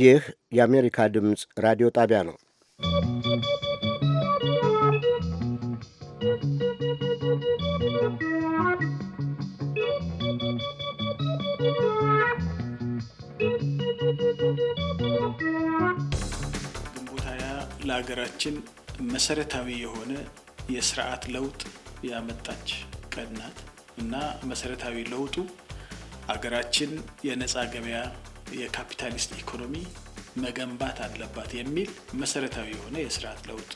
ይህ የአሜሪካ ድምፅ ራዲዮ ጣቢያ ነው። ግንቦት ሃያ ለሀገራችን መሰረታዊ የሆነ የስርዓት ለውጥ ያመጣች ቀን ናት እና መሰረታዊ ለውጡ አገራችን የነፃ ገበያ የካፒታሊስት ኢኮኖሚ መገንባት አለባት የሚል መሰረታዊ የሆነ የስርዓት ለውጥ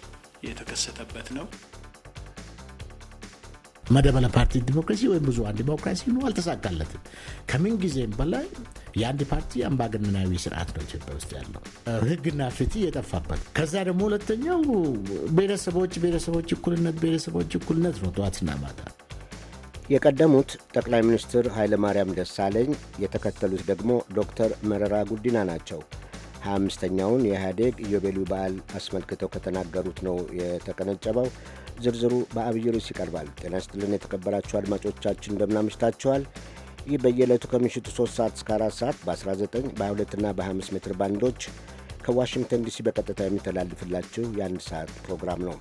የተከሰተበት ነው። መደበለ ፓርቲ ዲሞክራሲ ወይም ብዙሃን ዲሞክራሲ ሆኖ አልተሳካለትም። ከምን ጊዜም በላይ የአንድ ፓርቲ አምባገነናዊ ስርዓት ነው ኢትዮጵያ ውስጥ ያለው፣ ህግና ፍትህ የጠፋበት። ከዛ ደግሞ ሁለተኛው ብሔረሰቦች ብሔረሰቦች እኩልነት ብሔረሰቦች እኩልነት ነው ጠዋትና ማታ የቀደሙት ጠቅላይ ሚኒስትር ኃይለማርያም ደሳለኝ የተከተሉት ደግሞ ዶክተር መረራ ጉዲና ናቸው። 25ኛውን የኢህአዴግ ኢዮቤልዩ በዓል አስመልክተው ከተናገሩት ነው የተቀነጨበው። ዝርዝሩ በአብይ ርዕስ ይቀርባል። ጤና ይስጥልን የተከበራችሁ አድማጮቻችን እንደምናምሽታችኋል። ይህ በየዕለቱ ከምሽቱ 3 ሰዓት እስከ 4 ሰዓት በ19 በ22ና በ25 ሜትር ባንዶች ከዋሽንግተን ዲሲ በቀጥታ የሚተላልፍላችሁ የአንድ ሰዓት ፕሮግራም ነው።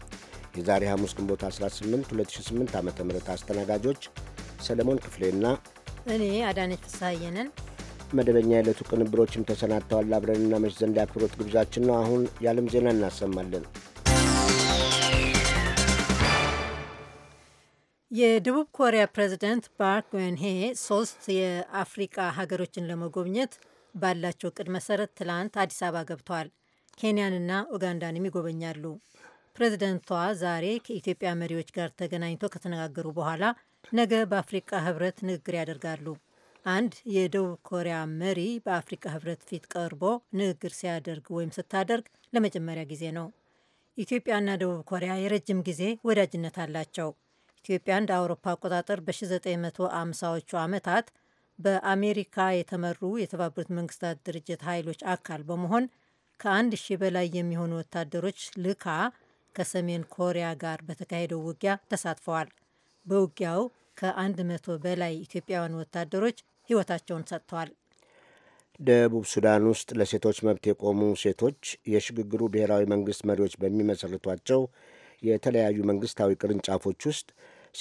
የዛሬ ሐሙስ ግንቦት 18 2008 ዓ ም አስተናጋጆች ሰለሞን ክፍሌና እኔ አዳነች ፍስሐዬ መደበኛ የዕለቱ ቅንብሮችም ተሰናድተዋል። አብረንና መሽ ዘንድ ያክብሮት ግብዣችን ነው። አሁን የዓለም ዜና እናሰማለን። የደቡብ ኮሪያ ፕሬዚደንት ፓርክ ጎንሄ ሶስት የአፍሪቃ ሀገሮችን ለመጎብኘት ባላቸው እቅድ መሰረት ትላንት አዲስ አበባ ገብተዋል። ኬንያንና ኡጋንዳንም ይጎበኛሉ። ፕሬዝደንቷ ዛሬ ከኢትዮጵያ መሪዎች ጋር ተገናኝተው ከተነጋገሩ በኋላ ነገ በአፍሪቃ ህብረት ንግግር ያደርጋሉ። አንድ የደቡብ ኮሪያ መሪ በአፍሪካ ህብረት ፊት ቀርቦ ንግግር ሲያደርግ ወይም ስታደርግ ለመጀመሪያ ጊዜ ነው። ኢትዮጵያና ደቡብ ኮሪያ የረጅም ጊዜ ወዳጅነት አላቸው። ኢትዮጵያ እንደ አውሮፓ አቆጣጠር በ1950ዎቹ ዓመታት በአሜሪካ የተመሩ የተባበሩት መንግስታት ድርጅት ኃይሎች አካል በመሆን ከአንድ ሺህ በላይ የሚሆኑ ወታደሮች ልካ ከሰሜን ኮሪያ ጋር በተካሄደው ውጊያ ተሳትፈዋል። በውጊያው ከ100 በላይ ኢትዮጵያውያን ወታደሮች ሕይወታቸውን ሰጥተዋል። ደቡብ ሱዳን ውስጥ ለሴቶች መብት የቆሙ ሴቶች የሽግግሩ ብሔራዊ መንግሥት መሪዎች በሚመሰርቷቸው የተለያዩ መንግሥታዊ ቅርንጫፎች ውስጥ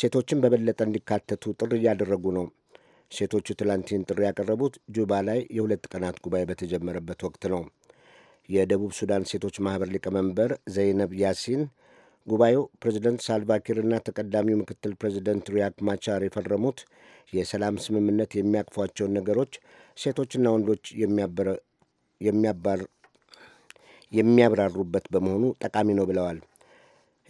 ሴቶችን በበለጠ እንዲካተቱ ጥሪ እያደረጉ ነው። ሴቶቹ ትላንቲን ጥሪ ያቀረቡት ጁባ ላይ የሁለት ቀናት ጉባኤ በተጀመረበት ወቅት ነው። የደቡብ ሱዳን ሴቶች ማኅበር ሊቀመንበር ዘይነብ ያሲን ጉባኤው ፕሬዚደንት ሳልቫኪርና ተቀዳሚው ምክትል ፕሬዚደንት ሪያክ ማቻር የፈረሙት የሰላም ስምምነት የሚያቅፏቸውን ነገሮች ሴቶችና ወንዶች የሚያብራሩበት በመሆኑ ጠቃሚ ነው ብለዋል።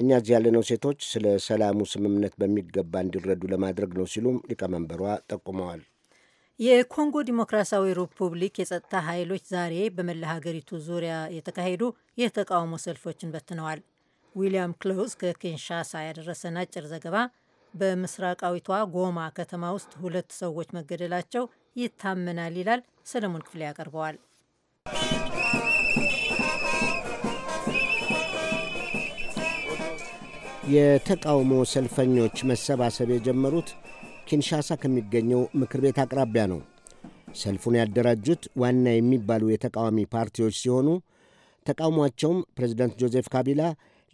እኛ እዚህ ያለነው ሴቶች ስለ ሰላሙ ስምምነት በሚገባ እንዲረዱ ለማድረግ ነው ሲሉም ሊቀመንበሯ ጠቁመዋል። የኮንጎ ዲሞክራሲያዊ ሪፑብሊክ የጸጥታ ኃይሎች ዛሬ በመላ ሀገሪቱ ዙሪያ የተካሄዱ የተቃውሞ ሰልፎችን በትነዋል። ዊሊያም ክሎዝ ከኪንሻሳ ያደረሰን አጭር ዘገባ በምስራቃዊቷ ጎማ ከተማ ውስጥ ሁለት ሰዎች መገደላቸው ይታመናል ይላል። ሰለሞን ክፍሌ ያቀርበዋል። የተቃውሞ ሰልፈኞች መሰባሰብ የጀመሩት ኪንሻሳ ከሚገኘው ምክር ቤት አቅራቢያ ነው። ሰልፉን ያደራጁት ዋና የሚባሉ የተቃዋሚ ፓርቲዎች ሲሆኑ ተቃውሟቸውም ፕሬዚደንት ጆዜፍ ካቢላ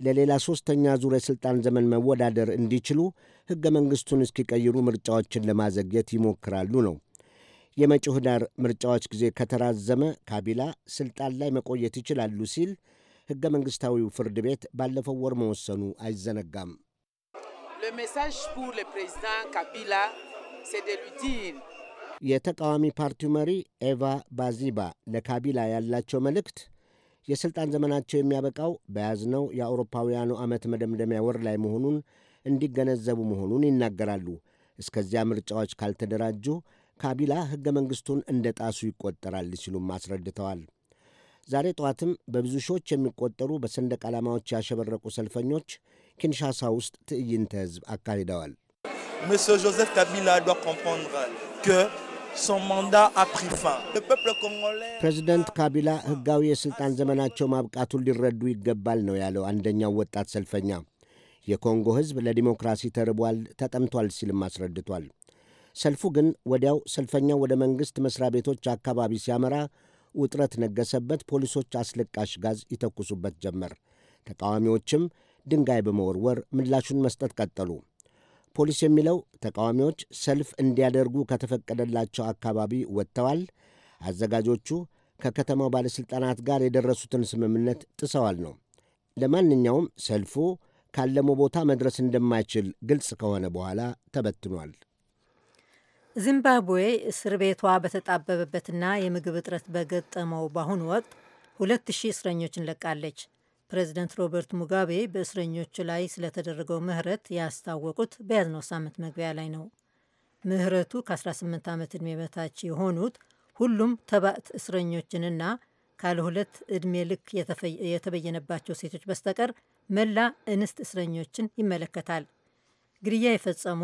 ለሌላ ሦስተኛ ዙር የሥልጣን ዘመን መወዳደር እንዲችሉ ሕገ መንግሥቱን እስኪቀይሩ ምርጫዎችን ለማዘግየት ይሞክራሉ ነው። የመጪው ኅዳር ምርጫዎች ጊዜ ከተራዘመ ካቢላ ሥልጣን ላይ መቆየት ይችላሉ ሲል ሕገ መንግሥታዊው ፍርድ ቤት ባለፈው ወር መወሰኑ አይዘነጋም። Le message pour le président Kabila, c'est de lui dire የተቃዋሚ ፓርቲው መሪ ኤቫ ባዚባ ለካቢላ ያላቸው መልእክት የሥልጣን ዘመናቸው የሚያበቃው በያዝነው የአውሮፓውያኑ ዓመት መደምደሚያ ወር ላይ መሆኑን እንዲገነዘቡ መሆኑን ይናገራሉ። እስከዚያ ምርጫዎች ካልተደራጁ ካቢላ ሕገ መንግሥቱን እንደ ጣሱ ይቆጠራል ሲሉም አስረድተዋል። ዛሬ ጠዋትም በብዙ ሺዎች የሚቆጠሩ በሰንደቅ ዓላማዎች ያሸበረቁ ሰልፈኞች ኪንሻሳ ውስጥ ትዕይንተ ህዝብ አካሂደዋል። Monsieur Joseph ካቢላ ዶ comprendre ከ ፕሬዚደንት ካቢላ ህጋዊ የሥልጣን ዘመናቸው ማብቃቱን ሊረዱ ይገባል ነው ያለው አንደኛው ወጣት ሰልፈኛ። የኮንጎ ህዝብ ለዲሞክራሲ ተርቧል፣ ተጠምቷል ሲልም አስረድቷል። ሰልፉ ግን ወዲያው ሰልፈኛው ወደ መንግሥት መሥሪያ ቤቶች አካባቢ ሲያመራ ውጥረት ነገሰበት። ፖሊሶች አስለቃሽ ጋዝ ይተኩሱበት ጀመር። ተቃዋሚዎችም ድንጋይ በመወርወር ምላሹን መስጠት ቀጠሉ። ፖሊስ የሚለው ተቃዋሚዎች ሰልፍ እንዲያደርጉ ከተፈቀደላቸው አካባቢ ወጥተዋል፣ አዘጋጆቹ ከከተማው ባለሥልጣናት ጋር የደረሱትን ስምምነት ጥሰዋል ነው። ለማንኛውም ሰልፉ ካለመው ቦታ መድረስ እንደማይችል ግልጽ ከሆነ በኋላ ተበትኗል። ዚምባብዌ እስር ቤቷ በተጣበበበትና የምግብ እጥረት በገጠመው በአሁኑ ወቅት ሁለት ሺህ እስረኞችን ለቃለች። ፕሬዚደንት ሮበርት ሙጋቤ በእስረኞቹ ላይ ስለተደረገው ምህረት ያስታወቁት በያዝነው ሳምንት መግቢያ ላይ ነው። ምህረቱ ከ18 ዓመት ዕድሜ በታች የሆኑት ሁሉም ተባዕት እስረኞችንና ካለ ሁለት ዕድሜ ልክ የተበየነባቸው ሴቶች በስተቀር መላ እንስት እስረኞችን ይመለከታል። ግድያ የፈጸሙ፣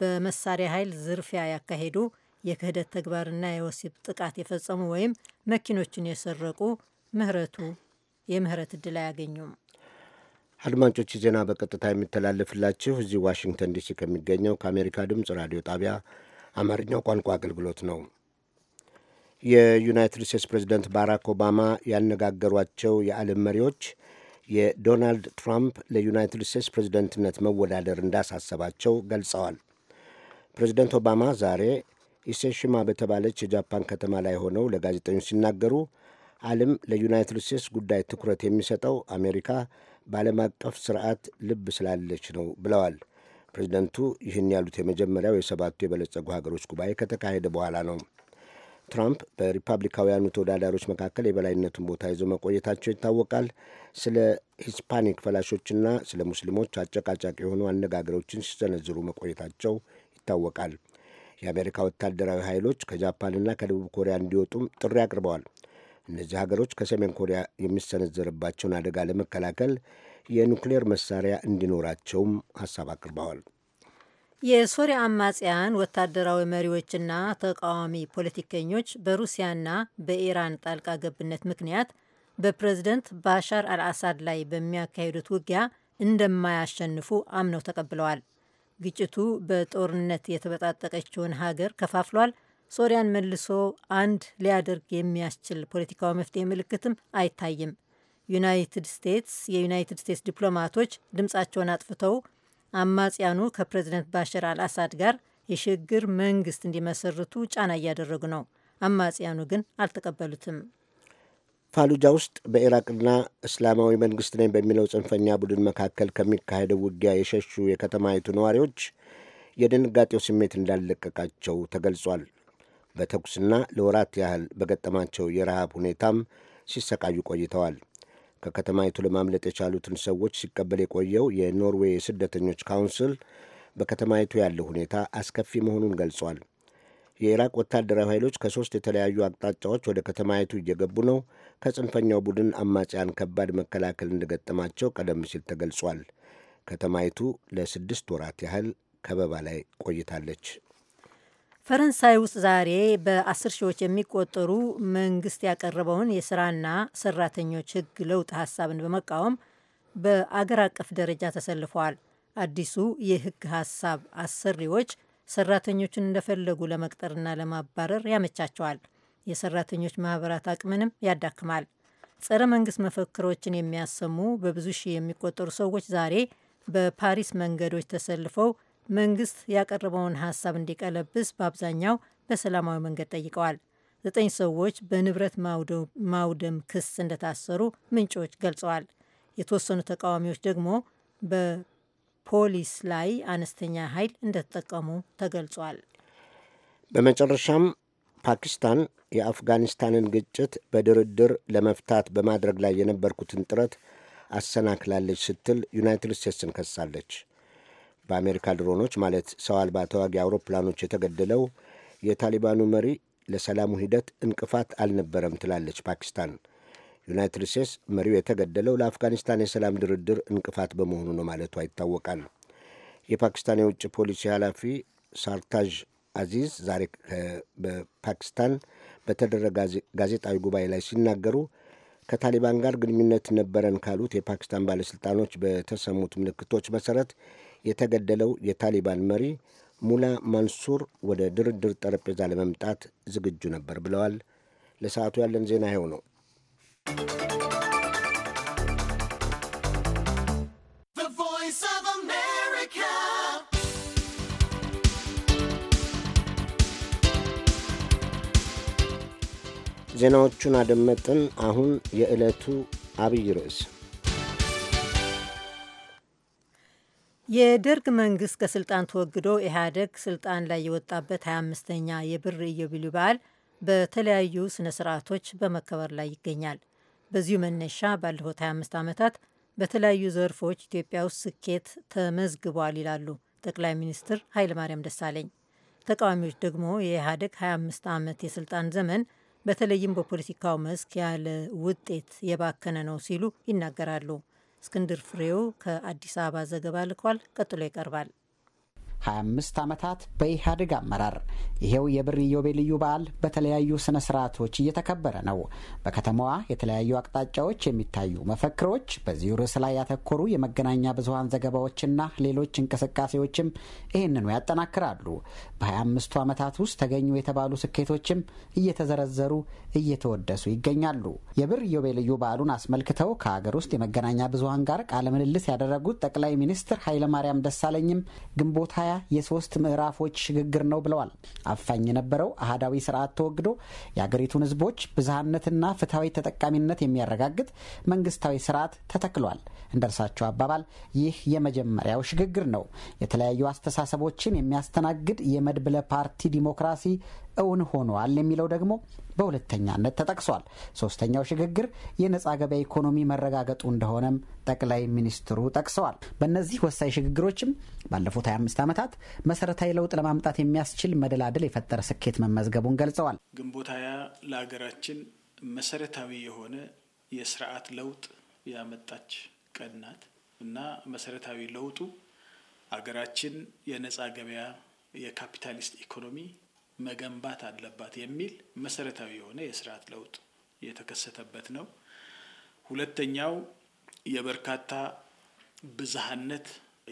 በመሳሪያ ኃይል ዝርፊያ ያካሄዱ፣ የክህደት ተግባርና የወሲብ ጥቃት የፈጸሙ ወይም መኪኖችን የሰረቁ ምህረቱ የምህረት እድል አያገኙም። አድማጮች ዜና በቀጥታ የሚተላለፍላችሁ እዚህ ዋሽንግተን ዲሲ ከሚገኘው ከአሜሪካ ድምፅ ራዲዮ ጣቢያ አማርኛው ቋንቋ አገልግሎት ነው። የዩናይትድ ስቴትስ ፕሬዚደንት ባራክ ኦባማ ያነጋገሯቸው የዓለም መሪዎች የዶናልድ ትራምፕ ለዩናይትድ ስቴትስ ፕሬዚደንትነት መወዳደር እንዳሳሰባቸው ገልጸዋል። ፕሬዚደንት ኦባማ ዛሬ ኢሴሽማ በተባለች የጃፓን ከተማ ላይ ሆነው ለጋዜጠኞች ሲናገሩ ዓለም ለዩናይትድ ስቴትስ ጉዳይ ትኩረት የሚሰጠው አሜሪካ በዓለም አቀፍ ስርዓት ልብ ስላለች ነው ብለዋል። ፕሬዚደንቱ ይህን ያሉት የመጀመሪያው የሰባቱ የበለጸጉ ሀገሮች ጉባኤ ከተካሄደ በኋላ ነው። ትራምፕ በሪፐብሊካውያኑ ተወዳዳሪዎች መካከል የበላይነቱን ቦታ ይዘው መቆየታቸው ይታወቃል። ስለ ሂስፓኒክ ፈላሾችና ስለ ሙስሊሞች አጨቃጫቂ የሆኑ አነጋገሮችን ሲሰነዝሩ መቆየታቸው ይታወቃል። የአሜሪካ ወታደራዊ ኃይሎች ከጃፓንና ከደቡብ ኮሪያ እንዲወጡም ጥሪ አቅርበዋል። እነዚህ ሀገሮች ከሰሜን ኮሪያ የሚሰነዘርባቸውን አደጋ ለመከላከል የኑክሌር መሳሪያ እንዲኖራቸውም ሀሳብ አቅርበዋል። የሶሪያ አማጽያን ወታደራዊ መሪዎችና ተቃዋሚ ፖለቲከኞች በሩሲያና በኢራን ጣልቃ ገብነት ምክንያት በፕሬዝደንት ባሻር አልአሳድ ላይ በሚያካሂዱት ውጊያ እንደማያሸንፉ አምነው ተቀብለዋል። ግጭቱ በጦርነት የተበጣጠቀችውን ሀገር ከፋፍሏል፣ ሶሪያን መልሶ አንድ ሊያደርግ የሚያስችል ፖለቲካዊ መፍትሄ ምልክትም አይታይም። ዩናይትድ ስቴትስ የዩናይትድ ስቴትስ ዲፕሎማቶች ድምፃቸውን አጥፍተው አማጽያኑ ከፕሬዚደንት ባሻር አልአሳድ ጋር የሽግግር መንግስት እንዲመሰርቱ ጫና እያደረጉ ነው። አማጽያኑ ግን አልተቀበሉትም። ፋሉጃ ውስጥ በኢራቅና እስላማዊ መንግስት ነኝ በሚለው ጽንፈኛ ቡድን መካከል ከሚካሄደው ውጊያ የሸሹ የከተማይቱ ነዋሪዎች የድንጋጤው ስሜት እንዳለቀቃቸው ተገልጿል። በተኩስና ለወራት ያህል በገጠማቸው የረሃብ ሁኔታም ሲሰቃዩ ቆይተዋል። ከከተማይቱ ለማምለጥ የቻሉትን ሰዎች ሲቀበል የቆየው የኖርዌይ የስደተኞች ካውንስል በከተማይቱ ያለው ሁኔታ አስከፊ መሆኑን ገልጿል። የኢራቅ ወታደራዊ ኃይሎች ከሦስት የተለያዩ አቅጣጫዎች ወደ ከተማይቱ እየገቡ ነው። ከጽንፈኛው ቡድን አማጽያን ከባድ መከላከል እንደገጠማቸው ቀደም ሲል ተገልጿል። ከተማይቱ ለስድስት ወራት ያህል ከበባ ላይ ቆይታለች። ፈረንሳይ ውስጥ ዛሬ በአስር ሺዎች የሚቆጠሩ መንግስት ያቀረበውን የስራና ሰራተኞች ህግ ለውጥ ሀሳብን በመቃወም በአገር አቀፍ ደረጃ ተሰልፈዋል። አዲሱ የህግ ሀሳብ አሰሪዎች ሰራተኞችን እንደፈለጉ ለመቅጠርና ለማባረር ያመቻቸዋል፣ የሰራተኞች ማህበራት አቅምንም ያዳክማል። ጸረ መንግስት መፈክሮችን የሚያሰሙ በብዙ ሺህ የሚቆጠሩ ሰዎች ዛሬ በፓሪስ መንገዶች ተሰልፈው መንግስት ያቀረበውን ሀሳብ እንዲቀለብስ በአብዛኛው በሰላማዊ መንገድ ጠይቀዋል። ዘጠኝ ሰዎች በንብረት ማውደም ክስ እንደታሰሩ ምንጮች ገልጸዋል። የተወሰኑ ተቃዋሚዎች ደግሞ በፖሊስ ላይ አነስተኛ ኃይል እንደተጠቀሙ ተገልጿል። በመጨረሻም ፓኪስታን የአፍጋኒስታንን ግጭት በድርድር ለመፍታት በማድረግ ላይ የነበርኩትን ጥረት አሰናክላለች ስትል ዩናይትድ ስቴትስን ከሳለች። በአሜሪካ ድሮኖች ማለት ሰው አልባ ተዋጊ አውሮፕላኖች የተገደለው የታሊባኑ መሪ ለሰላሙ ሂደት እንቅፋት አልነበረም ትላለች ፓኪስታን። ዩናይትድ ስቴትስ መሪው የተገደለው ለአፍጋኒስታን የሰላም ድርድር እንቅፋት በመሆኑ ነው ማለቷ ይታወቃል። የፓኪስታን የውጭ ፖሊሲ ኃላፊ ሳርታጅ አዚዝ ዛሬ በፓኪስታን በተደረገ ጋዜጣዊ ጉባኤ ላይ ሲናገሩ ከታሊባን ጋር ግንኙነት ነበረን ካሉት የፓኪስታን ባለሥልጣኖች በተሰሙት ምልክቶች መሠረት የተገደለው የታሊባን መሪ ሙላ ማንሱር ወደ ድርድር ጠረጴዛ ለመምጣት ዝግጁ ነበር ብለዋል። ለሰዓቱ ያለን ዜና ይኸው ነው። ዜናዎቹን አደመጥን። አሁን የዕለቱ አብይ ርዕስ የደርግ መንግስት ከስልጣን ተወግዶ ኢህአደግ ስልጣን ላይ የወጣበት 25ኛ የብር ኢዮቤልዩ በዓል በተለያዩ ስነ ስርዓቶች በመከበር ላይ ይገኛል። በዚሁ መነሻ ባለፉት 25 ዓመታት በተለያዩ ዘርፎች ኢትዮጵያ ውስጥ ስኬት ተመዝግቧል ይላሉ ጠቅላይ ሚኒስትር ኃይለማርያም ደሳለኝ። ተቃዋሚዎች ደግሞ የኢህአደግ 25 ዓመት የስልጣን ዘመን በተለይም በፖለቲካው መስክ ያለ ውጤት የባከነ ነው ሲሉ ይናገራሉ። እስክንድር ፍሬው ከአዲስ አበባ ዘገባ ልኳል። ቀጥሎ ይቀርባል። 25 ዓመታት በኢህአዴግ አመራር ይሄው የብር ኢዮቤልዩ በዓል በተለያዩ ስነ ስርዓቶች እየተከበረ ነው። በከተማዋ የተለያዩ አቅጣጫዎች የሚታዩ መፈክሮች፣ በዚሁ ርዕስ ላይ ያተኮሩ የመገናኛ ብዙሀን ዘገባዎችና ሌሎች እንቅስቃሴዎችም ይህንኑ ያጠናክራሉ። በ25ቱ ዓመታት ውስጥ ተገኙ የተባሉ ስኬቶችም እየተዘረዘሩ እየተወደሱ ይገኛሉ። የብር ኢዮቤልዩ በዓሉን አስመልክተው ከሀገር ውስጥ የመገናኛ ብዙሀን ጋር ቃለ ምልልስ ያደረጉት ጠቅላይ ሚኒስትር ኃይለማርያም ደሳለኝም ግንቦት 20 የሶስት ምዕራፎች ሽግግር ነው ብለዋል። አፋኝ የነበረው አህዳዊ ስርዓት ተወግዶ የአገሪቱን ህዝቦች ብዝሃነትና ፍትሐዊ ተጠቃሚነት የሚያረጋግጥ መንግስታዊ ስርዓት ተተክሏል። እንደ እርሳቸው አባባል ይህ የመጀመሪያው ሽግግር ነው። የተለያዩ አስተሳሰቦችን የሚያስተናግድ የመድብለ ፓርቲ ዲሞክራሲ እውን ሆኗል የሚለው ደግሞ በሁለተኛነት ተጠቅሷል። ሶስተኛው ሽግግር የነጻ ገበያ ኢኮኖሚ መረጋገጡ እንደሆነም ጠቅላይ ሚኒስትሩ ጠቅሰዋል። በእነዚህ ወሳኝ ሽግግሮችም ባለፉት 25 ዓመታት መሰረታዊ ለውጥ ለማምጣት የሚያስችል መደላደል የፈጠረ ስኬት መመዝገቡን ገልጸዋል። ግንቦት ሃያ ለሀገራችን መሰረታዊ የሆነ የስርዓት ለውጥ ያመጣች ቀን ናት እና መሰረታዊ ለውጡ አገራችን የነጻ ገበያ የካፒታሊስት ኢኮኖሚ መገንባት አለባት የሚል መሰረታዊ የሆነ የስርዓት ለውጥ የተከሰተበት ነው። ሁለተኛው የበርካታ ብዝሃነት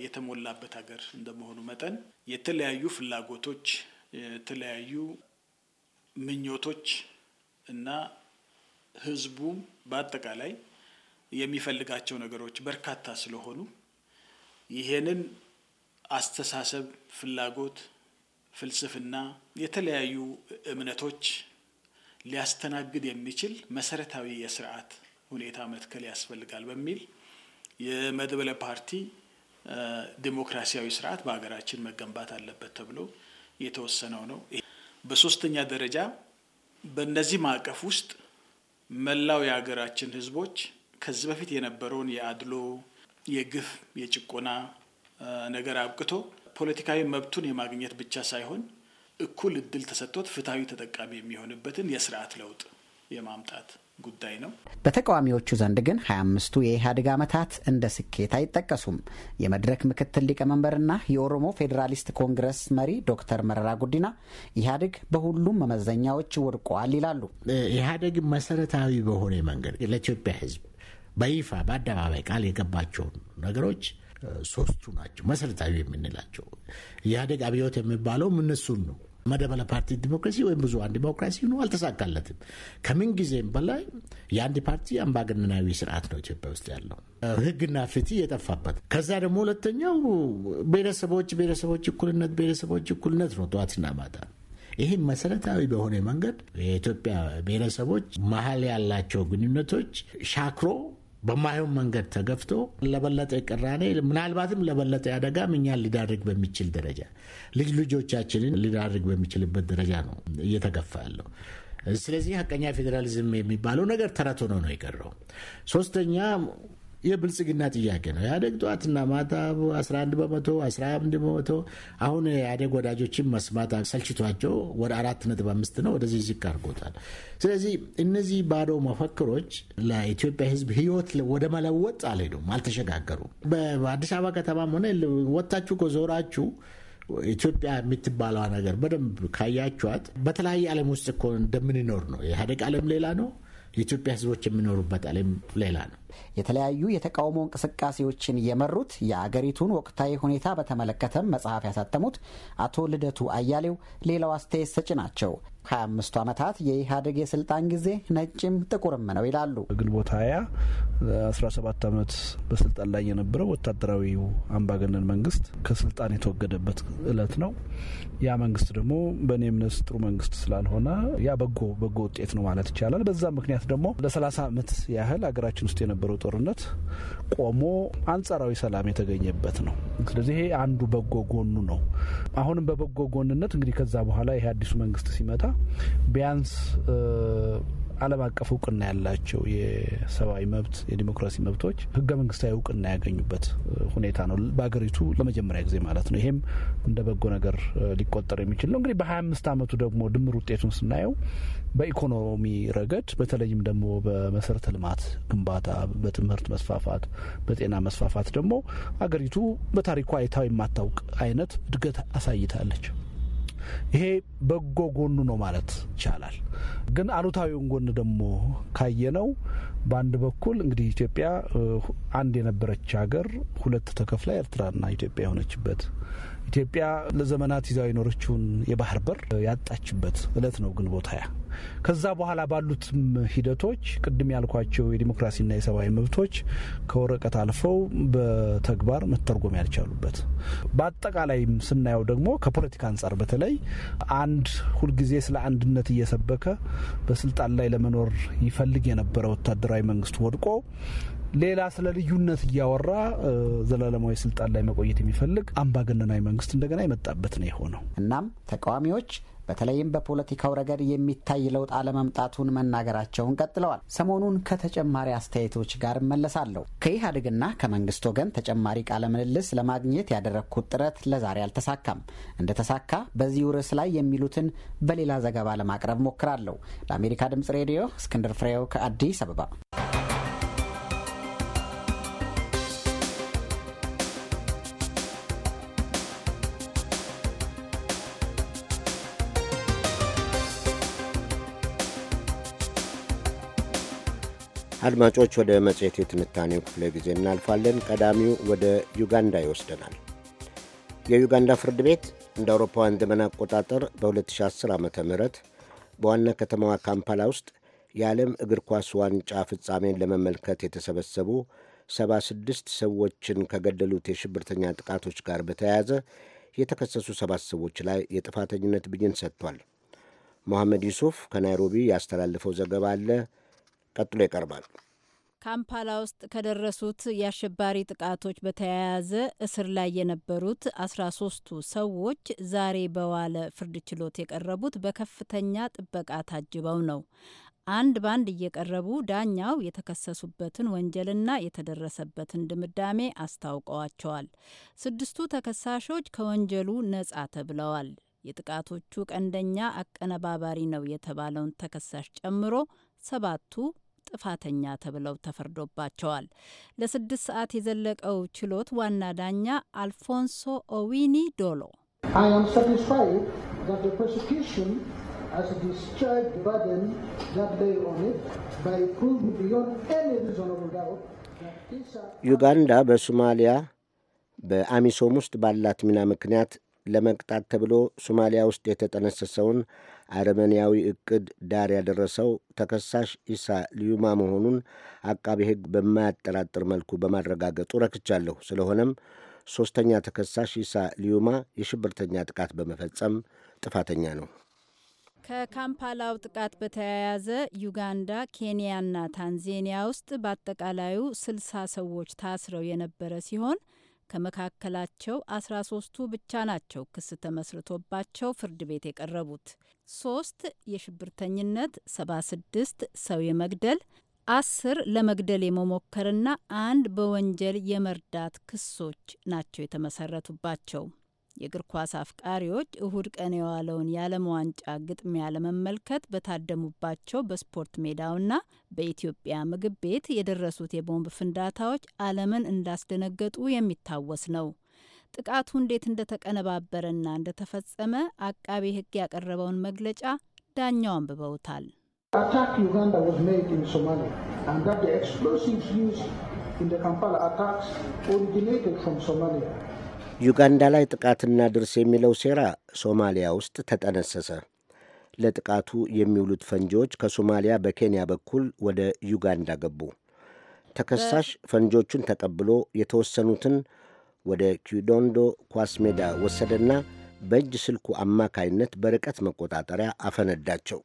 የተሞላበት ሀገር እንደመሆኑ መጠን የተለያዩ ፍላጎቶች፣ የተለያዩ ምኞቶች እና ህዝቡም በአጠቃላይ የሚፈልጋቸው ነገሮች በርካታ ስለሆኑ ይሄንን አስተሳሰብ፣ ፍላጎት ፍልስፍና፣ የተለያዩ እምነቶች ሊያስተናግድ የሚችል መሰረታዊ የስርዓት ሁኔታ መትከል ያስፈልጋል በሚል የመድበለ ፓርቲ ዲሞክራሲያዊ ስርዓት በሀገራችን መገንባት አለበት ተብሎ የተወሰነው ነው። በሶስተኛ ደረጃ በእነዚህ ማዕቀፍ ውስጥ መላው የሀገራችን ህዝቦች ከዚህ በፊት የነበረውን የአድሎ፣ የግፍ፣ የጭቆና ነገር አብቅቶ ፖለቲካዊ መብቱን የማግኘት ብቻ ሳይሆን እኩል እድል ተሰጥቶት ፍትሐዊ ተጠቃሚ የሚሆንበትን የስርዓት ለውጥ የማምጣት ጉዳይ ነው። በተቃዋሚዎቹ ዘንድ ግን 25 አምስቱ የኢህአዴግ ዓመታት እንደ ስኬት አይጠቀሱም። የመድረክ ምክትል ሊቀመንበርና የኦሮሞ ፌዴራሊስት ኮንግረስ መሪ ዶክተር መረራ ጉዲና ኢህአዴግ በሁሉም መመዘኛዎች ወድቋል ይላሉ። ኢህአዴግ መሰረታዊ በሆነ መንገድ ለኢትዮጵያ ህዝብ በይፋ በአደባባይ ቃል የገባቸውን ነገሮች ሶስቱ ናቸው መሰረታዊ የምንላቸው። ኢህአዴግ አብዮት የሚባለው እነሱን ነው። መደበለ ፓርቲ ዲሞክራሲ ወይም ብዙሃን ዲሞክራሲ ነው፣ አልተሳካለትም። ከምን ጊዜም በላይ የአንድ ፓርቲ አምባገነናዊ ስርዓት ነው ኢትዮጵያ ውስጥ ያለው፣ ህግና ፍትህ የጠፋበት። ከዛ ደግሞ ሁለተኛው ብሔረሰቦች ብሔረሰቦች እኩልነት ብሔረሰቦች እኩልነት ነው ጠዋትና ማታ። ይህም መሰረታዊ በሆነ መንገድ የኢትዮጵያ ብሔረሰቦች መሀል ያላቸው ግንኙነቶች ሻክሮ በማይሆን መንገድ ተገፍቶ ለበለጠ ቅራኔ ምናልባትም ለበለጠ አደጋ እኛን ሊዳርግ በሚችል ደረጃ ልጅ ልጆቻችንን ሊዳርግ በሚችልበት ደረጃ ነው እየተገፋ ያለው። ስለዚህ ሀቀኛ ፌዴራሊዝም የሚባለው ነገር ተረት ሆኖ ነው የቀረው። ሶስተኛ የብልጽግና ጥያቄ ነው። ኢህአዴግ ጠዋትና ማታ 11 በመቶ 11 በመቶ አሁን ኢህአዴግ ወዳጆችን መስማት ሰልችቷቸው ወደ አራት ነጥብ አምስት ነው ወደዚህ ዝቅ አድርጎታል። ስለዚህ እነዚህ ባዶ መፈክሮች ለኢትዮጵያ ሕዝብ ህይወት ወደ መለወጥ አልሄዱም፣ አልተሸጋገሩም። በአዲስ አበባ ከተማም ሆነ ወታችሁ ከዞራችሁ ኢትዮጵያ የምትባለዋ ነገር በደንብ ካያችኋት በተለያየ ዓለም ውስጥ እኮ እንደምንኖር ነው። የኢህአዴግ ዓለም ሌላ ነው። የኢትዮጵያ ሕዝቦች የሚኖሩበት ዓለም ሌላ ነው። የተለያዩ የተቃውሞ እንቅስቃሴዎችን የመሩት የአገሪቱን ወቅታዊ ሁኔታ በተመለከተም መጽሐፍ ያሳተሙት አቶ ልደቱ አያሌው ሌላው አስተያየት ሰጭ ናቸው። 25 ዓመታት የኢህአዴግ የስልጣን ጊዜ ነጭም ጥቁርም ነው ይላሉ። ግንቦት 20 17 ዓመት በስልጣን ላይ የነበረው ወታደራዊው አምባገነን መንግስት ከስልጣን የተወገደበት እለት ነው። ያ መንግስት ደግሞ በእኔ እምነት ጥሩ መንግስት ስላልሆነ ያ በጎ በጎ ውጤት ነው ማለት ይቻላል። በዛ ምክንያት ደግሞ ለ30 ዓመት ያህል ሀገራችን ውስጥ የነበ የነበረው ጦርነት ቆሞ አንጻራዊ ሰላም የተገኘበት ነው። ስለዚህ ይሄ አንዱ በጎ ጎኑ ነው። አሁንም በበጎ ጎንነት እንግዲህ ከዛ በኋላ ይሄ አዲሱ መንግስት ሲመጣ ቢያንስ ዓለም አቀፍ እውቅና ያላቸው የሰብአዊ መብት የዲሞክራሲ መብቶች ህገ መንግስታዊ እውቅና ያገኙበት ሁኔታ ነው በሀገሪቱ ለመጀመሪያ ጊዜ ማለት ነው። ይሄም እንደ በጎ ነገር ሊቆጠር የሚችል ነው። እንግዲህ በ25 ዓመቱ ደግሞ ድምር ውጤቱን ስናየው በኢኮኖሚ ረገድ በተለይም ደግሞ በመሰረተ ልማት ግንባታ፣ በትምህርት መስፋፋት፣ በጤና መስፋፋት ደግሞ አገሪቱ በታሪኳ አይታው የማታውቅ አይነት እድገት አሳይታለች። ይሄ በጎ ጎኑ ነው ማለት ይቻላል። ግን አሉታዊውን ጎን ደግሞ ካየነው በአንድ በኩል እንግዲህ ኢትዮጵያ አንድ የነበረች ሀገር ሁለት ተከፍላ ኤርትራና ኢትዮጵያ የሆነችበት ኢትዮጵያ ለዘመናት ይዛው የኖረችውን የባህር በር ያጣችበት እለት ነው ግንቦት ሃያ ከዛ በኋላ ባሉትም ሂደቶች ቅድም ያልኳቸው የዲሞክራሲና የሰብአዊ መብቶች ከወረቀት አልፈው በተግባር መተርጎም ያልቻሉበት፣ በአጠቃላይም ስናየው ደግሞ ከፖለቲካ አንጻር በተለይ አንድ ሁልጊዜ ስለ አንድነት እየሰበከ በስልጣን ላይ ለመኖር ይፈልግ የነበረ ወታደራዊ መንግስት ወድቆ ሌላ ስለ ልዩነት እያወራ ዘላለማዊ ስልጣን ላይ መቆየት የሚፈልግ አምባገነናዊ መንግስት እንደገና የመጣበት ነው የሆነው። እናም ተቃዋሚዎች በተለይም በፖለቲካው ረገድ የሚታይ ለውጥ አለመምጣቱን መናገራቸውን ቀጥለዋል። ሰሞኑን ከተጨማሪ አስተያየቶች ጋር እመለሳለሁ። ከኢህአዴግና ከመንግስት ወገን ተጨማሪ ቃለ ምልልስ ለማግኘት ያደረግኩት ጥረት ለዛሬ አልተሳካም። እንደተሳካ በዚሁ ርዕስ ላይ የሚሉትን በሌላ ዘገባ ለማቅረብ ሞክራለሁ። ለአሜሪካ ድምጽ ሬዲዮ እስክንድር ፍሬው ከአዲስ አበባ አድማጮች ወደ መጽሔት የትንታኔው ክፍለ ጊዜ እናልፋለን። ቀዳሚው ወደ ዩጋንዳ ይወስደናል። የዩጋንዳ ፍርድ ቤት እንደ አውሮፓውያን ዘመን አቆጣጠር በ2010 ዓ ም በዋና ከተማዋ ካምፓላ ውስጥ የዓለም እግር ኳስ ዋንጫ ፍጻሜን ለመመልከት የተሰበሰቡ 76 ሰዎችን ከገደሉት የሽብርተኛ ጥቃቶች ጋር በተያያዘ የተከሰሱ ሰባት ሰዎች ላይ የጥፋተኝነት ብይን ሰጥቷል። መሐመድ ዩሱፍ ከናይሮቢ ያስተላለፈው ዘገባ አለ። ቀጥሎ ይቀርባል። ካምፓላ ውስጥ ከደረሱት የአሸባሪ ጥቃቶች በተያያዘ እስር ላይ የነበሩት አስራ ሶስቱ ሰዎች ዛሬ በዋለ ፍርድ ችሎት የቀረቡት በከፍተኛ ጥበቃ ታጅበው ነው። አንድ ባንድ እየቀረቡ ዳኛው የተከሰሱበትን ወንጀልና የተደረሰበትን ድምዳሜ አስታውቀዋቸዋል። ስድስቱ ተከሳሾች ከወንጀሉ ነጻ ተብለዋል። የጥቃቶቹ ቀንደኛ አቀነባባሪ ነው የተባለውን ተከሳሽ ጨምሮ ሰባቱ ጥፋተኛ ተብለው ተፈርዶባቸዋል። ለስድስት ሰዓት የዘለቀው ችሎት ዋና ዳኛ አልፎንሶ ኦዊኒ ዶሎ ዩጋንዳ በሶማሊያ በአሚሶም ውስጥ ባላት ሚና ምክንያት ለመቅጣት ተብሎ ሶማሊያ ውስጥ የተጠነሰሰውን አረመኔያዊ እቅድ ዳር ያደረሰው ተከሳሽ ኢሳ ልዩማ መሆኑን አቃቤ ሕግ በማያጠራጥር መልኩ በማረጋገጡ ረክቻለሁ። ስለሆነም ሦስተኛ ተከሳሽ ኢሳ ልዩማ የሽብርተኛ ጥቃት በመፈጸም ጥፋተኛ ነው። ከካምፓላው ጥቃት በተያያዘ ዩጋንዳ፣ ኬንያና ታንዜኒያ ውስጥ በአጠቃላዩ ስልሳ ሰዎች ታስረው የነበረ ሲሆን ከመካከላቸው 13ቱ ብቻ ናቸው ክስ ተመስርቶባቸው ፍርድ ቤት የቀረቡት። ሶስት የሽብርተኝነት፣ 76 ሰው የመግደል፣ አስር ለመግደል የመሞከርና አንድ በወንጀል የመርዳት ክሶች ናቸው የተመሰረቱባቸው። የእግር ኳስ አፍቃሪዎች እሁድ ቀን የዋለውን የዓለም ዋንጫ ግጥሚያ ለመመልከት በታደሙባቸው በስፖርት ሜዳውና በኢትዮጵያ ምግብ ቤት የደረሱት የቦምብ ፍንዳታዎች ዓለምን እንዳስደነገጡ የሚታወስ ነው። ጥቃቱ እንዴት እንደተቀነባበረና እንደተፈጸመ አቃቤ ሕግ ያቀረበውን መግለጫ ዳኛው አንብበውታል። ዩጋንዳ ላይ ጥቃትና ድርስ የሚለው ሴራ ሶማሊያ ውስጥ ተጠነሰሰ። ለጥቃቱ የሚውሉት ፈንጂዎች ከሶማሊያ በኬንያ በኩል ወደ ዩጋንዳ ገቡ። ተከሳሽ ፈንጂዎቹን ተቀብሎ የተወሰኑትን ወደ ኪዶንዶ ኳስ ሜዳ ወሰደና በእጅ ስልኩ አማካይነት በርቀት መቆጣጠሪያ አፈነዳቸው።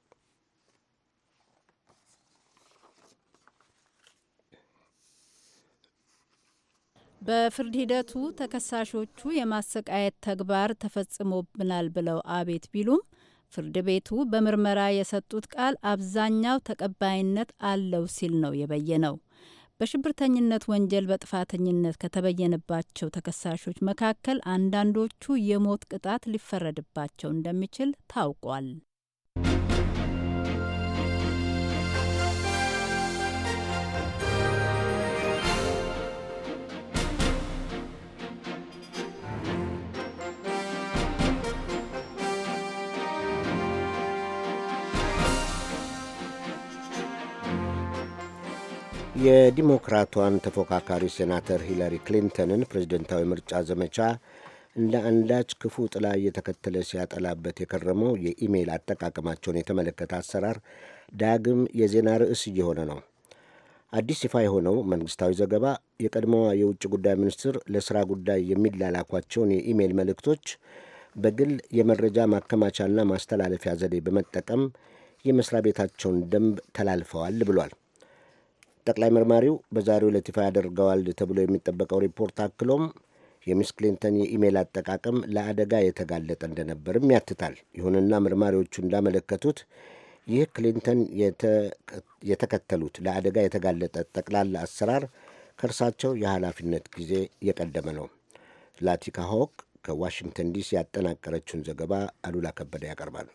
በፍርድ ሂደቱ ተከሳሾቹ የማሰቃየት ተግባር ተፈጽሞብናል ብለው አቤት ቢሉም ፍርድ ቤቱ በምርመራ የሰጡት ቃል አብዛኛው ተቀባይነት አለው ሲል ነው የበየነው። በሽብርተኝነት ወንጀል በጥፋተኝነት ከተበየነባቸው ተከሳሾች መካከል አንዳንዶቹ የሞት ቅጣት ሊፈረድባቸው እንደሚችል ታውቋል። የዲሞክራቷን ተፎካካሪ ሴናተር ሂለሪ ክሊንተንን ፕሬዝደንታዊ ምርጫ ዘመቻ እንደ አንዳች ክፉ ጥላ እየተከተለ ሲያጠላበት የከረመው የኢሜይል አጠቃቀማቸውን የተመለከተ አሰራር ዳግም የዜና ርዕስ እየሆነ ነው። አዲስ ይፋ የሆነው መንግስታዊ ዘገባ የቀድሞዋ የውጭ ጉዳይ ሚኒስትር ለስራ ጉዳይ የሚላላኳቸውን የኢሜይል መልእክቶች በግል የመረጃ ማከማቻና ማስተላለፊያ ዘዴ በመጠቀም የመስሪያ ቤታቸውን ደንብ ተላልፈዋል ብሏል። ጠቅላይ መርማሪው በዛሬው ዕለት ይፋ ያደርገዋል ተብሎ የሚጠበቀው ሪፖርት አክሎም የሚስ ክሊንተን የኢሜይል አጠቃቀም ለአደጋ የተጋለጠ እንደነበርም ያትታል። ይሁንና መርማሪዎቹ እንዳመለከቱት ይህ ክሊንተን የተከተሉት ለአደጋ የተጋለጠ ጠቅላላ አሰራር ከእርሳቸው የኃላፊነት ጊዜ የቀደመ ነው። ላቲካ ሆክ ከዋሽንግተን ዲሲ ያጠናቀረችውን ዘገባ አሉላ ከበደ ያቀርባል።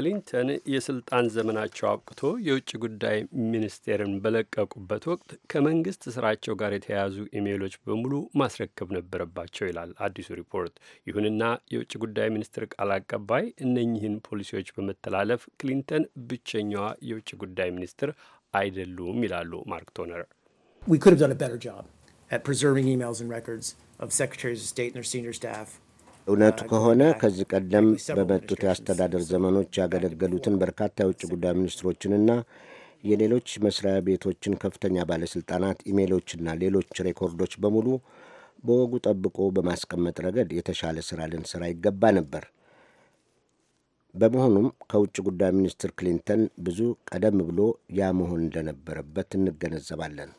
ክሊንተን የስልጣን ዘመናቸው አብቅቶ የውጭ ጉዳይ ሚኒስቴርን በለቀቁበት ወቅት ከመንግስት ስራቸው ጋር የተያያዙ ኢሜሎች በሙሉ ማስረከብ ነበረባቸው ይላል አዲሱ ሪፖርት። ይሁንና የውጭ ጉዳይ ሚኒስትር ቃል አቀባይ እነኚህን ፖሊሲዎች በመተላለፍ ክሊንተን ብቸኛዋ የውጭ ጉዳይ ሚኒስትር አይደሉም ይላሉ ማርክ ቶነር። We could have done a better job at preserving emails and records of secretaries of state and their senior staff. እውነቱ ከሆነ ከዚህ ቀደም በመጡት የአስተዳደር ዘመኖች ያገለገሉትን በርካታ የውጭ ጉዳይ ሚኒስትሮችንና የሌሎች መስሪያ ቤቶችን ከፍተኛ ባለሥልጣናት ኢሜሎችና ሌሎች ሬኮርዶች በሙሉ በወጉ ጠብቆ በማስቀመጥ ረገድ የተሻለ ስራ ልንሰራ ይገባ ነበር። በመሆኑም ከውጭ ጉዳይ ሚኒስትር ክሊንተን ብዙ ቀደም ብሎ ያ መሆን እንደነበረበት እንገነዘባለን።